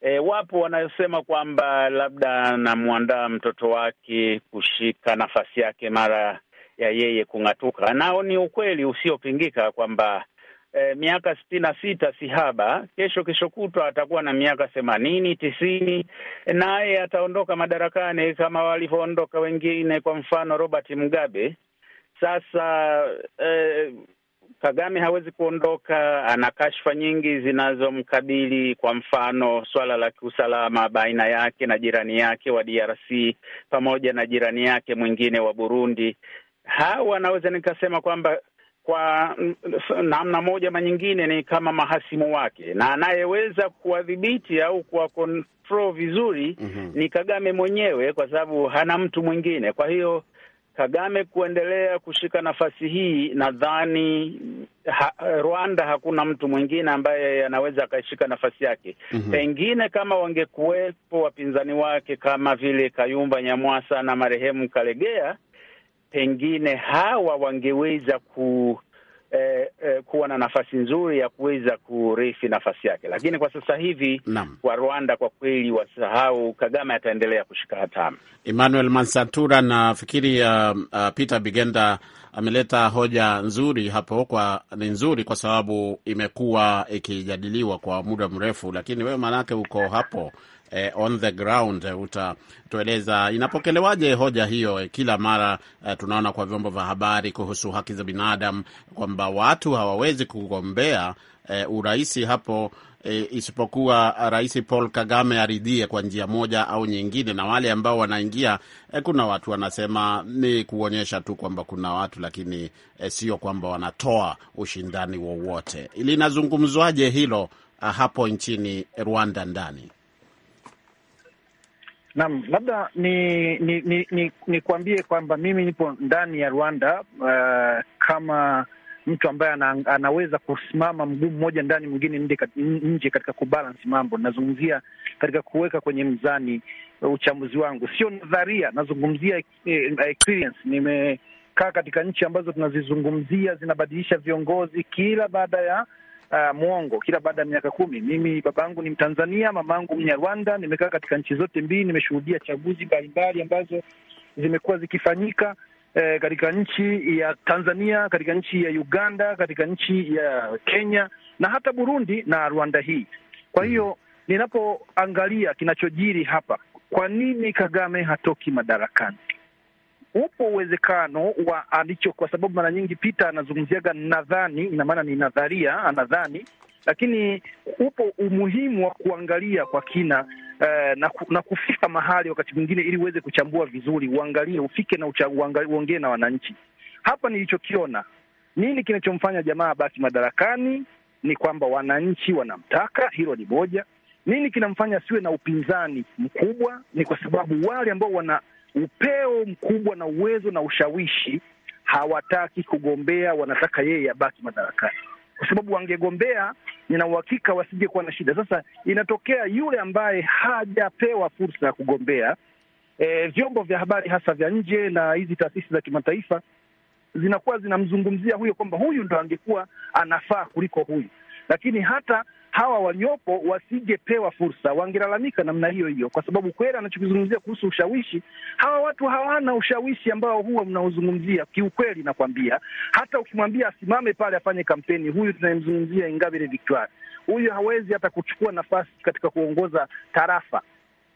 E, wapo wanayosema kwamba labda anamwandaa mtoto wake kushika nafasi yake mara ya yeye kung'atuka, nao ni ukweli usiopingika kwamba eh, miaka sitini na sita sihaba, kesho kesho kutwa atakuwa na miaka themanini tisini, naye ataondoka madarakani kama walivyoondoka wengine, kwa mfano Robert Mugabe. Sasa eh, Kagame hawezi kuondoka, ana kashfa nyingi zinazomkabili, kwa mfano swala la kiusalama baina yake na jirani yake wa DRC pamoja na jirani yake mwingine wa Burundi. Hawa naweza nikasema kwamba kwa mm, namna moja ama nyingine ni kama mahasimu wake, na anayeweza kuwadhibiti au kuwakontrol vizuri mm -hmm. ni Kagame mwenyewe, kwa sababu hana mtu mwingine. Kwa hiyo Kagame kuendelea kushika nafasi hii, nadhani ha, Rwanda hakuna mtu mwingine ambaye anaweza akashika nafasi yake mm -hmm. Pengine kama wangekuwepo wapinzani wake kama vile Kayumba Nyamwasa na marehemu Kalegea pengine hawa wangeweza ku Eh, eh, kuwa na nafasi nzuri ya kuweza kurithi nafasi yake, lakini kwa sasa hivi wa Rwanda kwa kweli wasahau Kagame, ataendelea kushika hatamu. Emmanuel Mansatura, nafikiri uh, uh, Peter Bigenda ameleta hoja nzuri hapo, kwa ni nzuri kwa sababu imekuwa ikijadiliwa kwa muda mrefu, lakini wewe maanake uko hapo eh, on the ground eh, utatueleza inapokelewaje hoja hiyo eh, kila mara eh, tunaona kwa vyombo vya habari kuhusu haki za binadamu kwamba watu hawawezi kugombea eh, urahisi hapo E, isipokuwa Rais Paul Kagame aridhie kwa njia moja au nyingine, na wale ambao wanaingia e, kuna watu wanasema ni kuonyesha tu kwamba kuna watu, lakini e, sio kwamba wanatoa ushindani wowote. Linazungumzwaje hilo ah, hapo nchini Rwanda ndani Naam, labda ni nikuambie ni, ni, ni kwamba mimi nipo ndani ya Rwanda uh, kama mtu ambaye ana, anaweza kusimama mguu mmoja ndani mwingine nje katika kubalansi mambo. Nazungumzia katika kuweka kwenye mzani eh, uchambuzi wangu, sio nadharia, nazungumzia eh, experience. Nimekaa katika nchi ambazo tunazizungumzia zinabadilisha viongozi kila baada ya uh, mwongo kila baada ya miaka kumi. Mimi babangu ni Mtanzania, mamangu Mnyarwanda, nimekaa katika nchi zote mbili, nimeshuhudia chaguzi mbalimbali ambazo zimekuwa zikifanyika eh, katika nchi ya Tanzania, katika nchi ya Uganda, katika nchi ya Kenya na hata Burundi na Rwanda hii. Kwa hiyo ninapoangalia kinachojiri hapa, kwa nini Kagame hatoki madarakani? upo uwezekano wa alicho, kwa sababu mara nyingi Peter anazungumziaga nadhani, ina maana ni nadharia, anadhani, lakini upo umuhimu wa kuangalia kwa kina eh, na, ku, na kufika mahali wakati mwingine, ili uweze kuchambua vizuri, uangalie, ufike na uongee na wananchi. Hapa nilichokiona nini, kinachomfanya jamaa basi madarakani ni kwamba wananchi wanamtaka, hilo ni moja. Nini kinamfanya asiwe na upinzani mkubwa? Ni kwa sababu wale ambao wana upeo mkubwa na uwezo na ushawishi, hawataki kugombea, wanataka yeye abaki madarakani, kwa sababu wangegombea, nina uhakika wasingekuwa na shida. Sasa inatokea yule ambaye hajapewa fursa ya kugombea. E, vyombo vya habari hasa vya nje na hizi taasisi za kimataifa zinakuwa zinamzungumzia huyo kwamba huyu ndo angekuwa anafaa kuliko huyu lakini hata hawa waliopo wasingepewa fursa, wangelalamika namna hiyo hiyo, kwa sababu kweli anachokizungumzia kuhusu ushawishi, hawa watu hawana ushawishi ambao huwa mnaozungumzia. Kiukweli nakwambia, hata ukimwambia asimame pale afanye kampeni, huyu tunayemzungumzia Ingabire Victoire, huyu hawezi hata kuchukua nafasi katika kuongoza tarafa.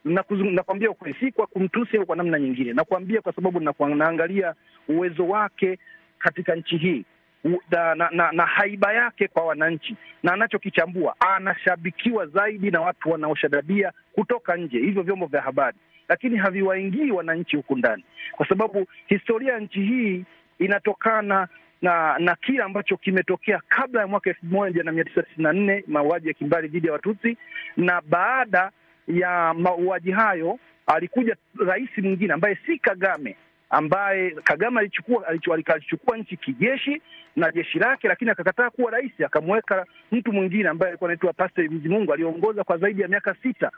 Nakwambia ukweli, si kwa kumtusi au kwa namna nyingine, nakwambia kwa sababu naangalia uwezo wake katika nchi hii na, na, na haiba yake kwa wananchi na anachokichambua anashabikiwa zaidi na watu wanaoshadabia kutoka nje, hivyo vyombo vya habari, lakini haviwaingii wananchi huku ndani, kwa sababu historia ya nchi hii inatokana na na kile ambacho kimetokea kabla ya mwaka elfu moja na mia tisa tisini na nne mauaji ya kimbari dhidi ya Watutsi, na baada ya mauaji hayo alikuja rais mwingine ambaye si Kagame ambaye Kagame alichukua alichukua nchi kijeshi na jeshi lake, lakini akakataa kuwa rais, akamweka mtu mwingine ambaye alikuwa anaitwa Pastor Bizimungu, aliongoza kwa zaidi ya miaka sita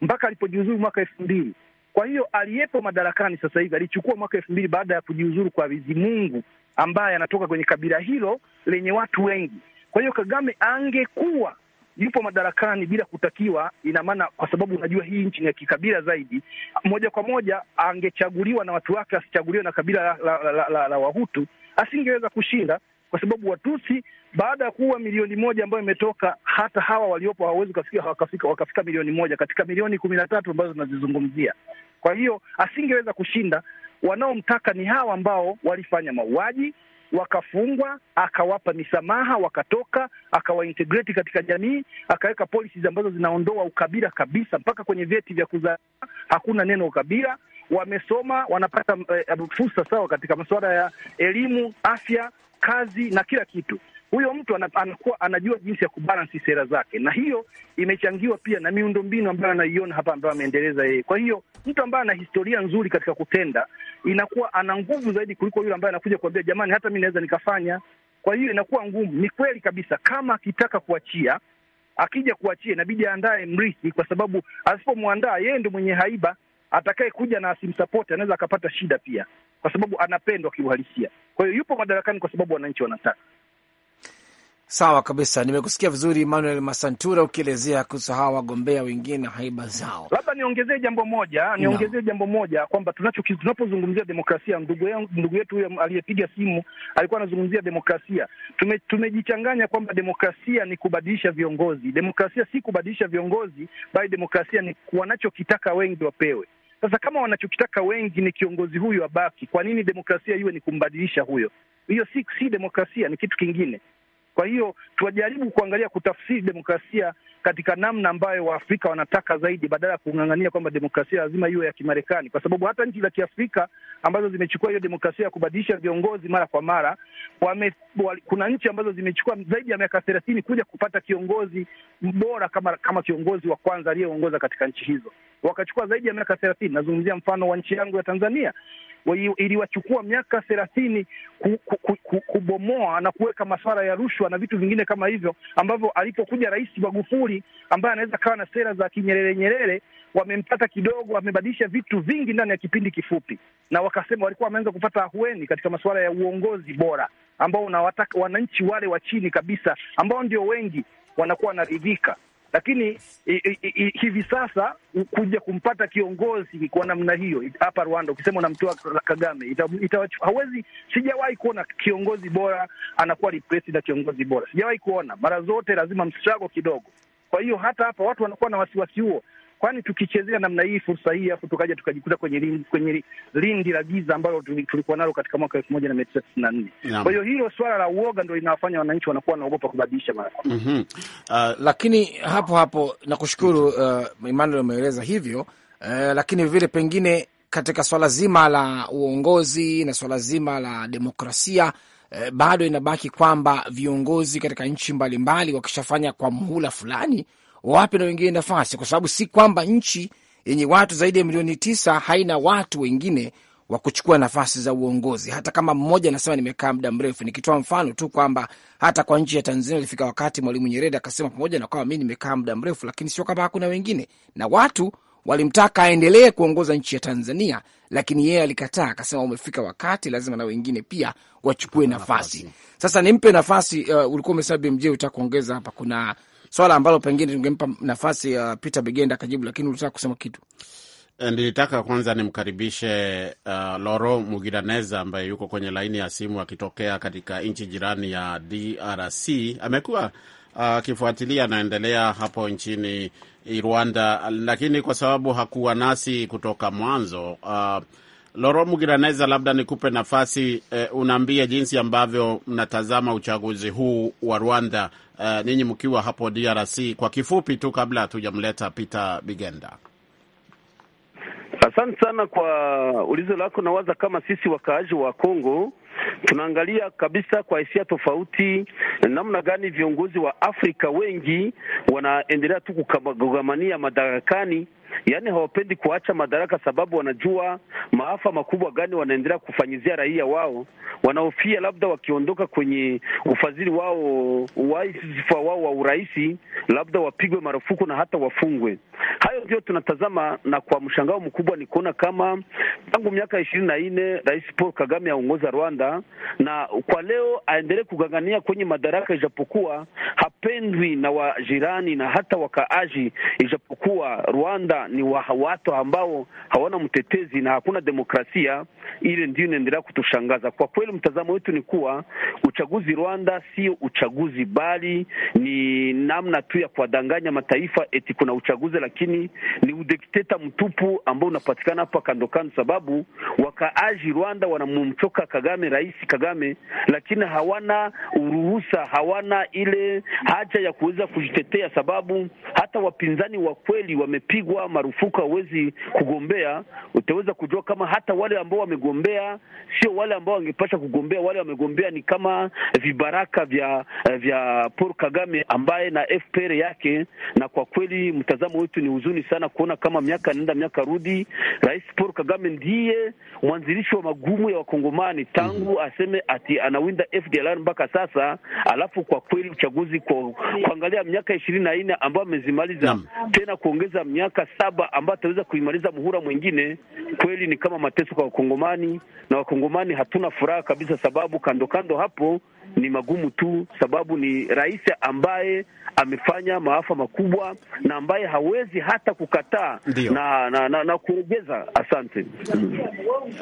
mpaka alipojiuzuru mwaka elfu mbili. Kwa hiyo aliyepo madarakani sasa hivi alichukua mwaka elfu mbili baada ya kujiuzuru kwa Bizimungu ambaye anatoka kwenye kabila hilo lenye watu wengi. Kwa hiyo Kagame angekuwa yupo madarakani bila kutakiwa, ina maana, kwa sababu unajua hii nchi ni ya kikabila zaidi, moja kwa moja angechaguliwa na watu wake, asichaguliwe na kabila la, la, la, la, la, Wahutu, asingeweza kushinda kwa sababu Watusi baada ya kuwa milioni moja ambayo imetoka, hata hawa waliopo hawawezi kufika, wakafika, wakafika milioni moja katika milioni kumi na tatu ambazo tunazizungumzia. Kwa hiyo asingeweza kushinda. Wanaomtaka ni hawa ambao walifanya mauaji, wakafungwa, akawapa misamaha, wakatoka, akawaintegrate katika jamii, akaweka policies ambazo zinaondoa ukabila kabisa, mpaka kwenye vyeti vya kuzaa hakuna neno ukabila. Wamesoma, wanapata eh, fursa sawa katika masuala ya elimu, afya, kazi na kila kitu. Huyo mtu anakuwa anajua jinsi ya kubalansi sera zake, na hiyo imechangiwa pia na miundombinu ambayo anaiona hapa, ambayo ameendeleza yeye. Kwa hiyo mtu ambaye ana historia nzuri katika kutenda inakuwa ana nguvu zaidi kuliko yule ambaye anakuja kuambia jamani, hata mi naweza nikafanya. Kwa hiyo inakuwa ngumu. Ni kweli kabisa, kama akitaka kuachia, akija kuachia inabidi aandae mrithi, kwa sababu asipomwandaa yeye ndo mwenye haiba atakaye kuja na asimsapoti anaweza akapata shida pia, kwa sababu anapendwa kiuhalisia. Kwa hiyo yupo madarakani kwa sababu wananchi wanataka Sawa kabisa, nimekusikia vizuri Emmanuel Masantura ukielezea kuhusu hawa wagombea wengine na haiba zao. Labda niongezee jambo moja, niongezee no. jambo moja kwamba tunacho tunapozungumzia demokrasia, ndugu yangu, ndugu yetu huyo aliyepiga simu alikuwa anazungumzia demokrasia. Tume, tumejichanganya kwamba demokrasia ni kubadilisha viongozi. Demokrasia si kubadilisha viongozi, bali demokrasia ni wanachokitaka wengi wapewe. Sasa kama wanachokitaka wengi ni kiongozi huyu abaki, kwa nini demokrasia iwe ni kumbadilisha huyo? Hiyo si, si demokrasia, ni kitu kingine. Kwa hiyo tuwajaribu kuangalia kutafsiri demokrasia katika namna ambayo Waafrika wanataka zaidi, badala ya kung'ang'ania kwamba demokrasia lazima iwe ya Kimarekani, kwa sababu hata nchi za Kiafrika ambazo zimechukua hiyo demokrasia ya kubadilisha viongozi mara kwa mara wame kuna nchi ambazo zimechukua zaidi ya miaka thelathini kuja kupata kiongozi bora kama kama kiongozi wa kwanza aliyeongoza katika nchi hizo, wakachukua zaidi ya miaka thelathini. Nazungumzia mfano wa nchi yangu ya Tanzania, iliwachukua miaka thelathini ku, ku, ku, ku, kubomoa na kuweka masuala ya rushwa na vitu vingine kama hivyo, ambavyo alipokuja Rais Magufuli ambaye anaweza kawa na sera za kinyerere nyerere, wamempata kidogo, wamebadilisha vitu vingi ndani ya kipindi kifupi na wakasema walikuwa wameanza kupata ahueni katika masuala ya uongozi bora ambao unawataka wananchi wale wa chini kabisa ambao ndio wengi wanakuwa wanaridhika. Lakini i, i, i, hivi sasa kuja kumpata kiongozi kwa namna hiyo hapa Rwanda, ukisema unamtoa Kagame ita, ita, hawezi. Sijawahi kuona kiongozi bora anakuwa replace na kiongozi bora, sijawahi kuona. Mara zote lazima mstrago kidogo. Kwa hiyo hata hapa watu wanakuwa na wasiwasi huo, kwani tukichezea namna hii fursa hii afu tukaja tukajikuta kwenye lindi, kwenye lindi la giza ambalo tulikuwa nalo katika mwaka elfu moja na mia tisa tisini na nne. Kwa hiyo hilo swala la uoga ndo linawafanya wananchi wanakuwa wanaogopa kubadilisha mara kwa mara. mm -hmm. Uh, lakini hapo hapo nakushukuru uh, Emmanuel umeeleza hivyo uh, lakini vile pengine katika swala zima la uongozi na swala zima la demokrasia eh, bado inabaki kwamba viongozi katika nchi mbalimbali wakishafanya kwa muhula fulani wawape na wengine nafasi, kwa sababu si kwamba nchi yenye watu zaidi ya milioni tisa haina watu wengine wa kuchukua nafasi za uongozi, hata kama mmoja anasema nimekaa muda mrefu. Nikitoa mfano tu kwamba hata kwa nchi ya Tanzania ilifika wakati Mwalimu Nyerere akasema pamoja na kwamba mi nimekaa muda mrefu, lakini sio kama hakuna wengine, na watu walimtaka aendelee kuongoza nchi ya Tanzania, lakini yeye alikataa, akasema umefika wakati lazima na wengine pia wachukue nafasi. Sasa nimpe nafasi. Uh, ulikuwa umesema BMJ, utakuongeza hapa kuna swala ambalo pengine tungempa nafasi ya uh, Peter Bigenda akajibu, lakini ulitaka kusema kitu. Eh, nilitaka kwanza nimkaribishe uh, Loro Mugiraneza ambaye yuko kwenye laini ya simu akitokea katika nchi jirani ya DRC. Amekuwa uh, akifuatilia uh, anaendelea hapo nchini Rwanda, lakini kwa sababu hakuwa nasi kutoka mwanzo uh, Loro Mugiraneza, labda nikupe nafasi eh, unaambie jinsi ambavyo mnatazama uchaguzi huu wa Rwanda eh, ninyi mkiwa hapo DRC kwa kifupi tu, kabla hatujamleta Peter Bigenda. Asante sana kwa ulizo lako. Nawaza kama sisi wakaaji wa Kongo tunaangalia kabisa kwa hisia tofauti namna gani viongozi wa Afrika wengi wanaendelea tu kugamania madarakani yaani hawapendi kuacha madaraka, sababu wanajua maafa makubwa gani wanaendelea kufanyizia raia wao. Wanahofia labda wakiondoka kwenye ufadhili wao waifa wao wa uraisi, labda wapigwe marufuku na hata wafungwe. Hayo ndio tunatazama, na kwa mshangao mkubwa ni kuona kama tangu miaka ishirini na nne Rais Paul Kagame aongoza Rwanda, na kwa leo aendelee kugang'ania kwenye madaraka, ijapokuwa hapendwi na wajirani na hata wakaaji, ijapokuwa Rwanda kwamba ni wa watu ambao hawana mtetezi na hakuna demokrasia. Ile ndio inaendelea kutushangaza kwa kweli. Mtazamo wetu ni kuwa uchaguzi Rwanda sio uchaguzi, bali ni namna tu ya kuwadanganya mataifa eti kuna uchaguzi, lakini ni udikteta mtupu ambao unapatikana hapa kando kando, sababu wakaaji Rwanda wanamumchoka Kagame, Rais Kagame, lakini hawana uruhusa, hawana ile haja ya kuweza kujitetea, sababu hata wapinzani wa kweli wamepigwa marufuku, hawezi kugombea, utaweza kujua kama hata wale ambao wamegombea sio wale ambao wangepasha kugombea. Wale wamegombea ni kama vibaraka vya eh, vya Paul Kagame ambaye na FPR yake. Na kwa kweli mtazamo wetu ni huzuni sana kuona kama miaka nenda miaka rudi, Rais Paul Kagame ndiye mwanzilishi wa magumu ya Wakongomani tangu mhm. aseme ati anawinda FDLR mpaka sasa, alafu kwa kweli uchaguzi kwa kuangalia miaka ishirini na nne ambayo amezimaliza tena kuongeza miaka saba ambayo ataweza kuimaliza muhula mwingine, kweli ni kama mateso kwa Wakongomani, na Wakongomani hatuna furaha kabisa, sababu kando kando hapo ni magumu tu, sababu ni rais ambaye amefanya maafa makubwa na ambaye hawezi hata kukataa na, na, na, na kuongeza. Asante,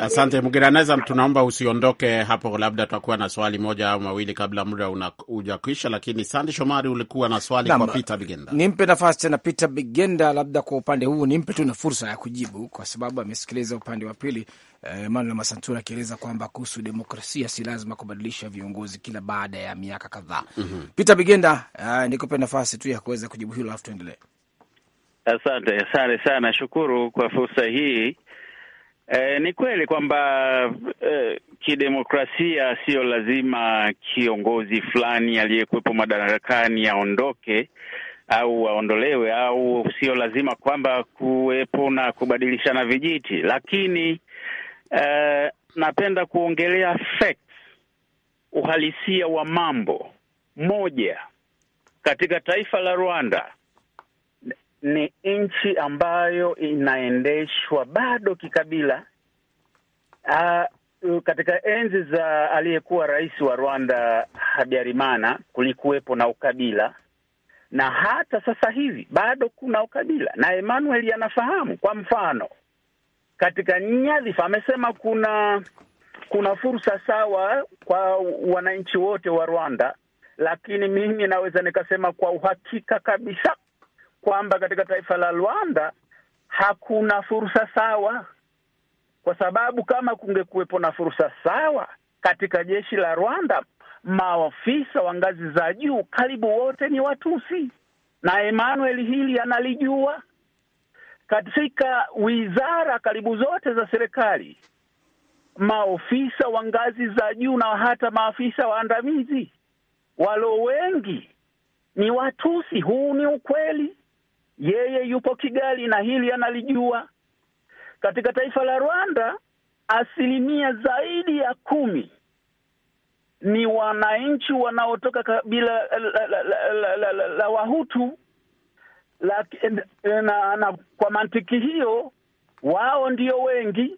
asante Mgiraneza, tunaomba usiondoke hapo, labda tutakuwa na swali moja au mawili kabla muda hujakwisha, lakini Sande Shomari ulikuwa na swali Nama, kwa Peter Bigenda. Nimpe nafasi tena Peter Bigenda, labda kwa upande huu nimpe tu na fursa ya kujibu, kwa sababu amesikiliza upande wa pili eh, masantur Masantura akieleza kwamba kuhusu demokrasia si lazima kubadilisha viongozi kila baada ya miaka kadhaa. mm -hmm. Peter Bigenda, eh, nikupe nafasi tu ya kuweza kujibu hilo alafu tuendelee. Asante, asante sana, shukuru kwa fursa hii. Eh, ni kweli kwamba eh, kidemokrasia sio lazima kiongozi fulani aliyekuwepo madarakani aondoke au aondolewe, au sio lazima kwamba kuwepo na kubadilishana vijiti, lakini Eh, napenda kuongelea facts, uhalisia wa mambo. Moja, katika taifa la Rwanda ni nchi ambayo inaendeshwa bado kikabila. A, ah, katika enzi za aliyekuwa rais wa Rwanda Habyarimana kulikuwepo na ukabila, na hata sasa hivi bado kuna ukabila, na Emmanuel anafahamu. Kwa mfano katika nyadhifa. Amesema kuna kuna fursa sawa kwa wananchi wote wa Rwanda, lakini mimi naweza nikasema kwa uhakika kabisa kwamba katika taifa la Rwanda hakuna fursa sawa, kwa sababu kama kungekuwepo na fursa sawa katika jeshi la Rwanda, maofisa wa ngazi za juu karibu wote ni Watusi, na Emmanuel hili analijua katika wizara karibu zote za serikali, maofisa wa ngazi za juu na hata maafisa waandamizi walo wengi ni Watusi. Huu ni ukweli. Yeye yupo Kigali na hili analijua. Katika taifa la Rwanda, asilimia zaidi ya kumi ni wananchi wanaotoka kabila la, la, la, la, la, la, la Wahutu lakini na, na kwa mantiki hiyo wao ndio wengi,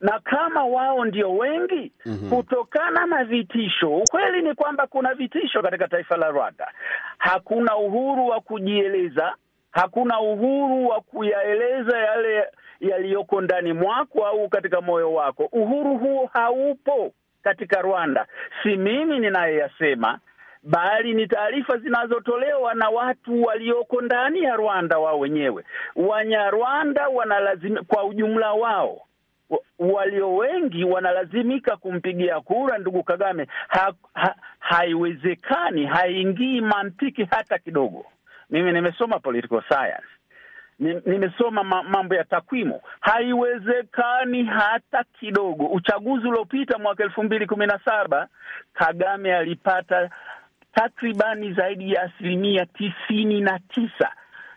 na kama wao ndio wengi mm -hmm. Kutokana na vitisho, ukweli ni kwamba kuna vitisho katika taifa la Rwanda. Hakuna uhuru wa kujieleza, hakuna uhuru wa kuyaeleza yale yaliyoko ndani mwako au katika moyo wako. Uhuru huo haupo katika Rwanda. Si mimi ninayeyasema, bali ni taarifa zinazotolewa na watu walioko ndani ya Rwanda wao wenyewe. Wanyarwanda wanalazim kwa ujumla wao walio wengi wanalazimika kumpigia kura ndugu Kagame. Ha, ha, haiwezekani, haingii mantiki hata kidogo. Mimi nimesoma political science, nimesoma mambo ya takwimu. Haiwezekani hata kidogo. Uchaguzi uliopita mwaka elfu mbili kumi na saba Kagame alipata takribani zaidi ya asilimia tisini na tisa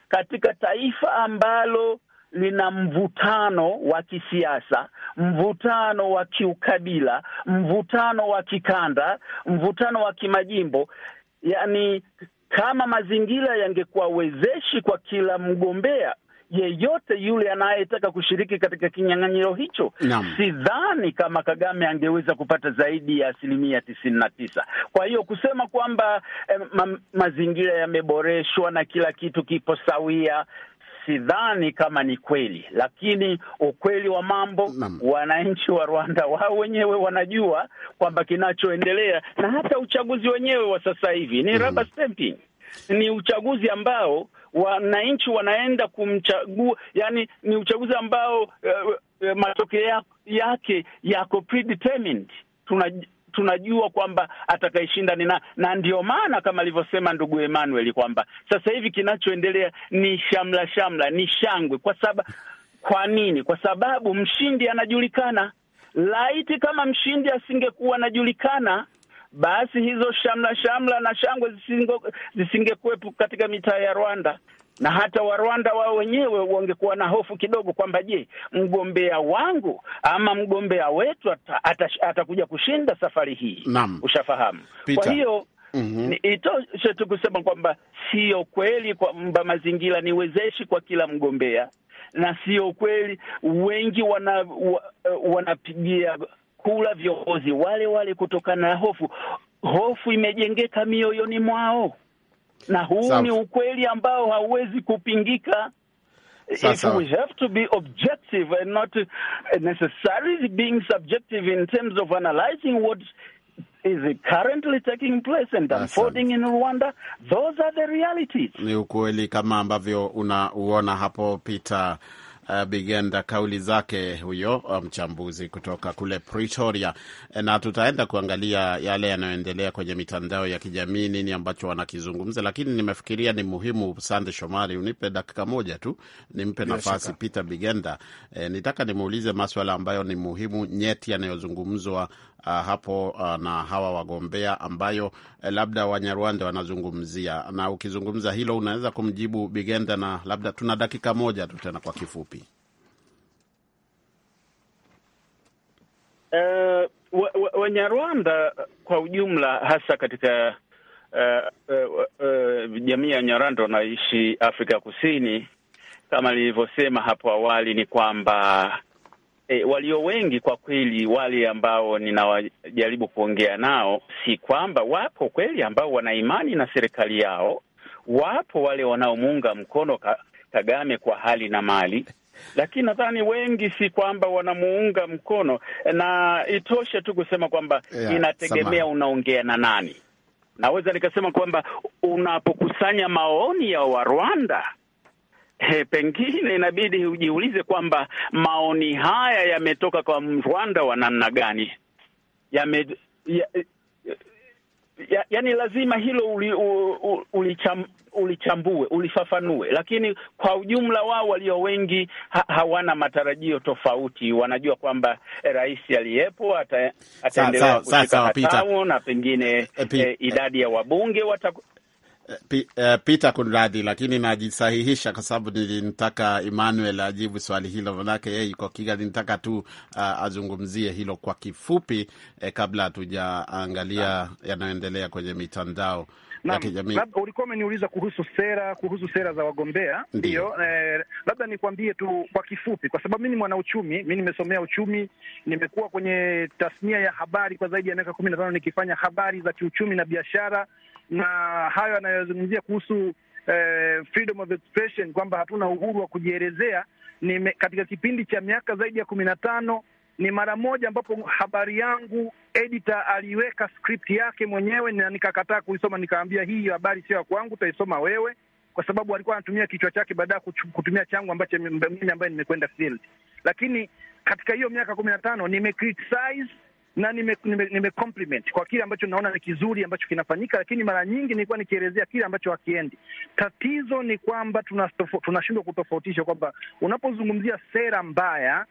katika taifa ambalo lina mvutano wa kisiasa, mvutano wa kiukabila, mvutano wa kikanda, mvutano wa kimajimbo. Yani, kama mazingira yangekuwa wezeshi kwa kila mgombea yeyote yule anayetaka kushiriki katika kinyang'anyiro hicho. Sidhani kama Kagame angeweza kupata zaidi ya asilimia tisini na tisa. Kwa hiyo kusema kwamba eh, ma, mazingira yameboreshwa na kila kitu kipo sawia sidhani kama ni kweli, lakini ukweli wa mambo, wananchi wa Rwanda wao wenyewe wanajua kwamba kinachoendelea, na hata uchaguzi wenyewe wa sasa hivi ni mm, rubber stamping, ni uchaguzi ambao wananchi wanaenda kumchagua. Yani ni uchaguzi ambao uh, uh, matokeo yake yako predetermined. Tuna tunajua kwamba atakaishinda ni na, na ndio maana kama alivyosema ndugu Emmanuel kwamba sasa hivi kinachoendelea ni shamla shamla, ni shangwe. Kwa saba, kwa nini? Kwa sababu mshindi anajulikana. Laiti kama mshindi asingekuwa anajulikana basi hizo shamla shamla na shangwe zisingekuwepo katika mitaa ya Rwanda, na hata Warwanda wao wenyewe wangekuwa na hofu kidogo kwamba je, mgombea wangu ama mgombea wetu atakuja ata, kushinda safari hii? Naam, ushafahamu. Kwa hiyo Mm -hmm. itoshe tu kusema kwamba sio kweli kwamba mazingira ni wezeshi kwa kila mgombea, na sio kweli wengi wana, wanapigia kula viongozi wale wale kutokana na hofu. Hofu imejengeka mioyoni mwao, na huu Sam. ni ukweli ambao hauwezi kupingika. Sasa. If we have to be objective and not necessarily being subjective in terms of analyzing what is currently taking place and unfolding in Rwanda, those are the realities. Ni ukweli kama ambavyo unauona hapo Peter uh, Bigenda. Kauli zake huyo eh, mchambuzi kutoka kule Pretoria, eh, na tutaenda kuangalia yale yanayoendelea kwenye mitandao ya kijamii, nini ambacho wanakizungumza, lakini nimefikiria ni muhimu. Sande Shomari, unipe dakika moja tu, nimpe nafasi Peter Bigenda. E, nitaka nimuulize maswala ambayo ni muhimu nyeti yanayozungumzwa Ah, hapo ah, na hawa wagombea ambayo eh, labda Wanyarwanda wanazungumzia, na ukizungumza hilo unaweza kumjibu Bigenda, na labda tuna dakika moja tu tena kwa kifupi. Uh, eh, Wanyarwanda wa, wa kwa ujumla hasa katika uh, uh, uh, jamii ya Wanyarwanda wanaishi Afrika Kusini, kama nilivyosema hapo awali, ni kwamba E, walio wengi kwa kweli, wale ambao ninawajaribu kuongea nao, si kwamba wapo kweli ambao wana imani na serikali yao, wapo wale wanaomuunga mkono Kagame kwa hali na mali lakini nadhani wengi si kwamba wanamuunga mkono, na itoshe tu kusema kwamba yeah, inategemea unaongea na nani. Naweza nikasema kwamba unapokusanya maoni ya Warwanda He, eh, pengine inabidi ujiulize kwamba maoni haya yametoka kwa Mrwanda wa namna gani? Yame ya, ya, yani lazima hilo uli, u, ulicham, ulichambue ulifafanue, lakini kwa ujumla wao walio wengi ha, hawana matarajio tofauti. Wanajua kwamba eh, rais aliyepo ataendelea kushika hatamu na pengine e, idadi ya wabunge wataku Eh, Peter Kunradhi, lakini najisahihisha kwa sababu nilimtaka Emmanuel ajibu swali hilo, manake yeye yuko Kigali. Nitaka tu uh, azungumzie hilo kwa kifupi eh, kabla hatujaangalia yanayoendelea kwenye mitandao ya kijamii. Ulikuwa umeniuliza kuhusu sera, kuhusu sera za wagombea, ndio eh, labda nikwambie tu kwa kifupi, kwa sababu mi ni mwanauchumi, mi nimesomea uchumi, nimekuwa kwenye tasnia ya habari kwa zaidi ya miaka kumi na tano nikifanya habari za kiuchumi na biashara na hayo anayozungumzia kuhusu eh, freedom of expression kwamba hatuna uhuru wa kujielezea, ni katika kipindi cha miaka zaidi ya kumi na tano ni mara moja ambapo habari yangu editor aliweka script yake mwenyewe na nikakataa kuisoma, nikaambia hii habari sio ya kwangu, utaisoma wewe, kwa sababu alikuwa anatumia kichwa chake baada ya kutumia changu ambacho mimi ambaye nimekwenda field. Lakini katika hiyo miaka kumi na tano nimecriticize na nime, nime, nime compliment kwa kile ambacho naona ni kizuri ambacho kinafanyika, lakini mara nyingi nilikuwa nikielezea kile ambacho hakiendi. Tatizo ni kwamba tunashindwa kutofautisha kwamba unapozungumzia sera mbaya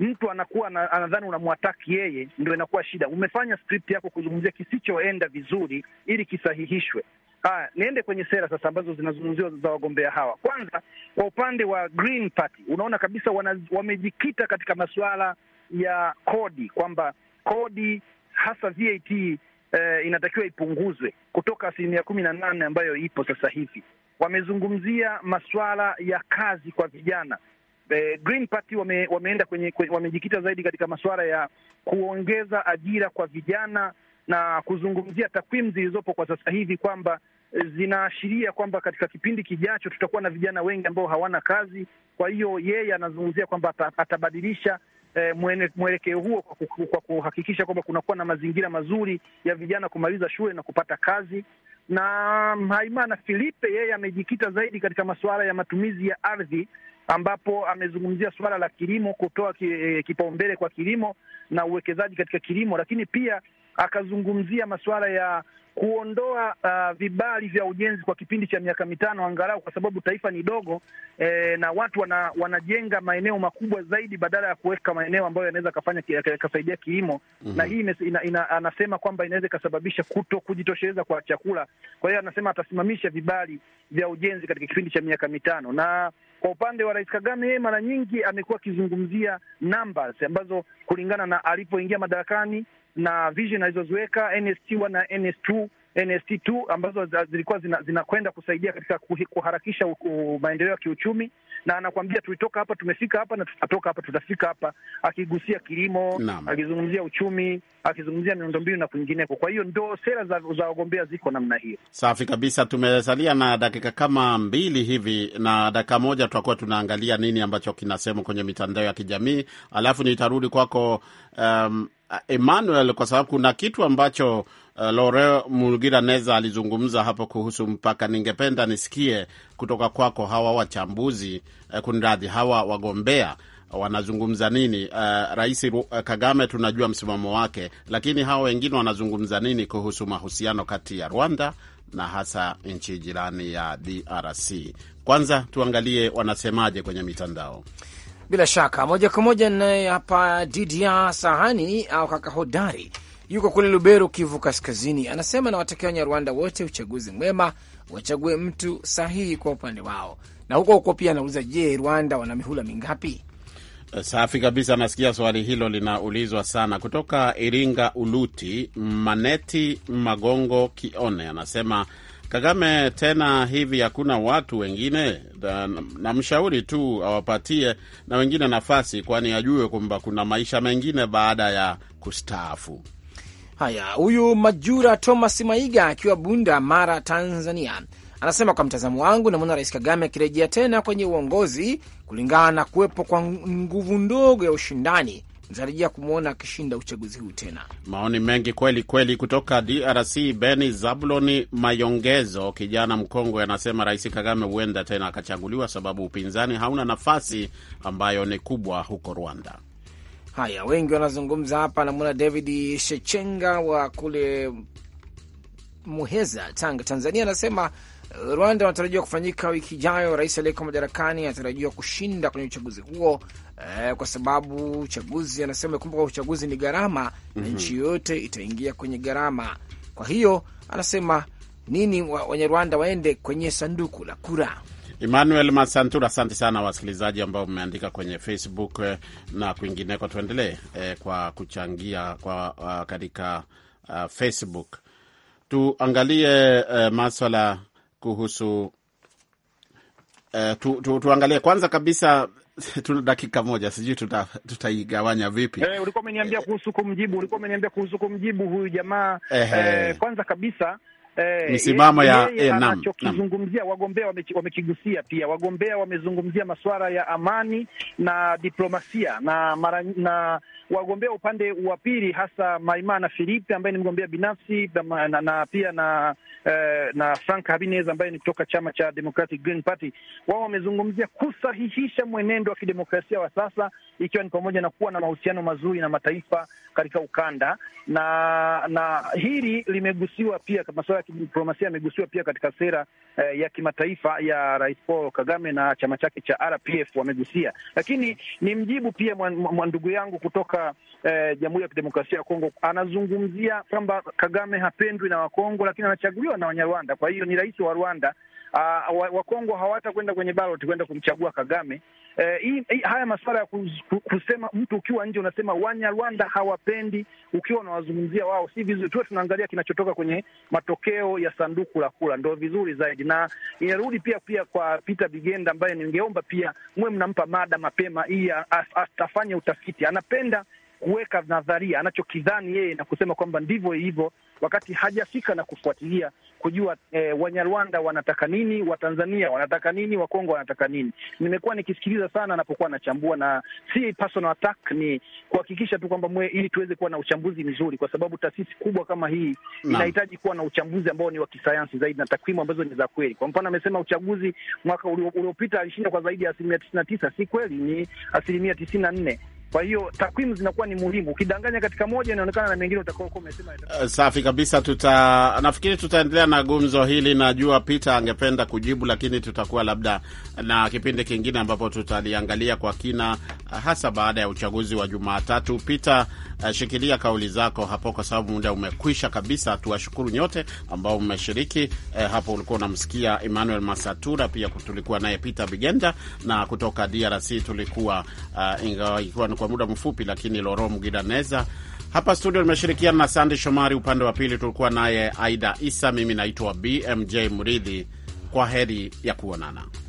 mtu anakuwa anadhani unamwataki yeye, ndio inakuwa shida. Umefanya script yako kuzungumzia kisichoenda vizuri ili kisahihishwe. Haya, niende kwenye sera sasa ambazo zinazungumziwa za wagombea hawa. Kwanza, kwa upande wa Green Party unaona kabisa wana, wamejikita katika masuala ya kodi kwamba kodi hasa VAT eh, inatakiwa ipunguzwe kutoka asilimia kumi na nane ambayo ipo sasa hivi. Wamezungumzia masuala ya kazi kwa vijana. Eh, Green Party wame, wameenda kwenye wamejikita zaidi katika masuala ya kuongeza ajira kwa vijana na kuzungumzia takwimu zilizopo kwa sasa hivi kwamba eh, zinaashiria kwamba katika kipindi kijacho tutakuwa na vijana wengi ambao hawana kazi. Kwa hiyo yeye anazungumzia kwamba atabadilisha eh, mwelekeo huo kwa kuhakikisha kwamba kunakuwa na mazingira mazuri ya vijana kumaliza shule na kupata kazi. Na Haimana Filipe yeye amejikita zaidi katika masuala ya matumizi ya ardhi ambapo amezungumzia suala la kilimo, kutoa eh, kipaumbele kwa kilimo na uwekezaji katika kilimo, lakini pia akazungumzia masuala ya kuondoa uh, vibali vya ujenzi kwa kipindi cha miaka mitano angalau, kwa sababu taifa ni dogo e, na watu wana, wanajenga maeneo makubwa zaidi badala ya kuweka maeneo ambayo yanaweza kafanya kasaidia kilimo mm -hmm. Na hii ina, ina, ina, anasema kwamba inaweza ikasababisha kuto kujitosheleza kwa chakula. Kwa hiyo anasema atasimamisha vibali vya ujenzi katika kipindi cha miaka mitano na kwa upande wa Rais Kagame, yeye mara nyingi amekuwa akizungumzia numbers ambazo kulingana na alipoingia madarakani na vision alizoziweka nst 1 na nst 2 NST2 ambazo zilikuwa zinakwenda zina kusaidia katika kuharakisha maendeleo ya kiuchumi, na anakuambia tulitoka hapa tumefika hapa na tutatoka hapa tutafika hapa, akigusia kilimo, akizungumzia uchumi, akizungumzia miundombinu na kwingineko. Kwa hiyo ndo sera za, za wagombea ziko namna hiyo. Safi kabisa. Tumesalia na dakika kama mbili hivi na dakika moja, tutakuwa tunaangalia nini ambacho kinasemwa kwenye mitandao ya kijamii, alafu nitarudi kwako um, Uh, Emmanuel, kwa sababu kuna kitu ambacho uh, Lore Mugiraneza alizungumza hapo kuhusu mpaka. Ningependa nisikie kutoka kwako hawa wachambuzi uh, kunradhi, hawa wagombea wanazungumza nini? Uh, Rais uh, Kagame tunajua msimamo wake, lakini hawa wengine wanazungumza nini kuhusu mahusiano kati ya Rwanda na hasa nchi jirani ya DRC? Kwanza tuangalie wanasemaje kwenye mitandao. Bila shaka moja kwa moja naye hapa Didia Sahani au kaka Hodari yuko kule Lubero, Kivu Kaskazini, anasema nawatakia Wanyarwanda wote uchaguzi mwema, wachague mtu sahihi kwa upande wao. Na huko huko pia anauliza, je, Rwanda wana mihula mingapi? Safi kabisa. Nasikia swali hilo linaulizwa sana. Kutoka Iringa, Uluti Maneti Magongo Kione anasema Kagame tena hivi hakuna watu wengine, da, na tu awapatie na wengine nafasi, kwani ajue kwamba kuna maisha mengine baada ya kustaafu. Haya, huyu Majura Thomas Maiga akiwa Bunda, Mara, Tanzania anasema kwa mtazamo wangu, namwona Rais Kagame akirejea tena kwenye uongozi kulingana na kuwepo kwa nguvu ndogo ya ushindani natarajia kumwona akishinda uchaguzi huu tena. Maoni mengi kweli kweli kutoka DRC. Beni Zabuloni Mayongezo, kijana mkongwe, anasema Rais Kagame huenda tena akachaguliwa, sababu upinzani hauna nafasi ambayo ni kubwa huko Rwanda. Haya, wengi wanazungumza hapa. Namwona David Shechenga wa kule Muheza, Tanga, Tanzania, anasema Rwanda wanatarajiwa kufanyika wiki ijayo. Rais aliyeko madarakani anatarajiwa kushinda kwenye uchaguzi huo eh, kwa sababu uchaguzi anasema, kumbuka uchaguzi ni gharama mm -hmm. nchi yoyote itaingia kwenye gharama. Kwa hiyo anasema nini wenye Rwanda waende kwenye sanduku la kura. Emmanuel Masantura, asante sana wasikilizaji ambao mmeandika kwenye Facebook eh, na kwingineko. Tuendelee eh, kwa kuchangia kwa uh, katika uh, Facebook tuangalie uh, maswala kuhusu eh, tu, tu, tuangalie kwanza kabisa tuna dakika moja, sijui tutaigawanya tuta vipi. Eh, ulikuwa umeniambia kuhusu kumjibu, ulikuwa umeniambia kuhusu kumjibu huyu jamaa eh, eh, kwanza kabisa Eh, misimamo ya eh, wagombea wamekigusia, wame pia wagombea wamezungumzia masuala ya amani na diplomasia na mara na wagombea upande wa pili hasa maima na philipe ambaye ni mgombea binafsi na, na, na pia na eh, na Frank Habinez ambaye ni kutoka chama cha Democratic Green Party. Wao wamezungumzia kusahihisha mwenendo wa kidemokrasia wa sasa, ikiwa ni pamoja na kuwa na mahusiano mazuri na mataifa katika ukanda, na na hili limegusiwa pia, masuala ya kidiplomasia yamegusiwa pia katika sera eh, ya kimataifa ya Rais Paul Kagame na chama chake cha RPF wamegusia, lakini ni mjibu pia mwandugu yangu kutoka kutoka eh, Jamhuri ya Kidemokrasia ya Kongo anazungumzia kwamba Kagame hapendwi na Wakongo, lakini anachaguliwa na Wanyarwanda. Kwa hiyo ni rais wa Rwanda Ah, wa hawata kwenda kwenye baloti kwenda kumchagua Kagame. Eh, hii, hii, haya masuala ya kusema mtu ukiwa nje unasema Wanyarwanda hawapendi, ukiwa unawazungumzia wao, si vizuri. Tuwe tunaangalia kinachotoka kwenye matokeo ya sanduku la kura, ndo vizuri zaidi, na inarudi pia pia kwa Peter Bigenda ambaye ningeomba pia mwe mnampa mada mapema, hii atafanya utafiti, anapenda kuweka nadharia anachokidhani yeye na kusema kwamba ndivyo hivyo wakati hajafika na kufuatilia kujua eh, Wanyarwanda wanataka nini, Watanzania wanataka nini, Wakongo wanataka nini. Nimekuwa nikisikiliza sana anapokuwa anachambua, na si personal attack, ni kuhakikisha tu kwamba ili tuweze kuwa na uchambuzi mzuri, kwa sababu taasisi kubwa kama hii inahitaji kuwa na uchambuzi ambao ni wa kisayansi zaidi na takwimu ambazo ni za kweli. Kwa mfano, amesema uchaguzi mwaka uliopita alishinda kwa zaidi ya asilimia tisini na tisa. Si kweli, ni asilimia tisini na nne. Kwa hiyo takwimu zinakuwa ni muhimu, ukidanganya katika moja inaonekana na mengine utakaokuwa umesema. Uh, safi kabisa. Tuta nafikiri tutaendelea na gumzo hili, najua Peter angependa kujibu, lakini tutakuwa labda na kipindi kingine ambapo tutaliangalia kwa kina, hasa baada ya uchaguzi wa Jumatatu. Peter Eh, shikilia kauli zako hapo, kwa sababu muda umekwisha kabisa. Tuwashukuru nyote ambao mmeshiriki. Uh, hapo ulikuwa unamsikia Emmanuel Masatura, pia tulikuwa naye Peter Bigenda, na kutoka DRC tulikuwa uh, ingawa ikiwa ni kwa muda mfupi, lakini Loro Mgiraneza hapa studio nimeshirikiana na Sande Shomari, upande wa pili tulikuwa naye Aida Isa. Mimi naitwa BMJ mridhi Kwa heri ya kuonana.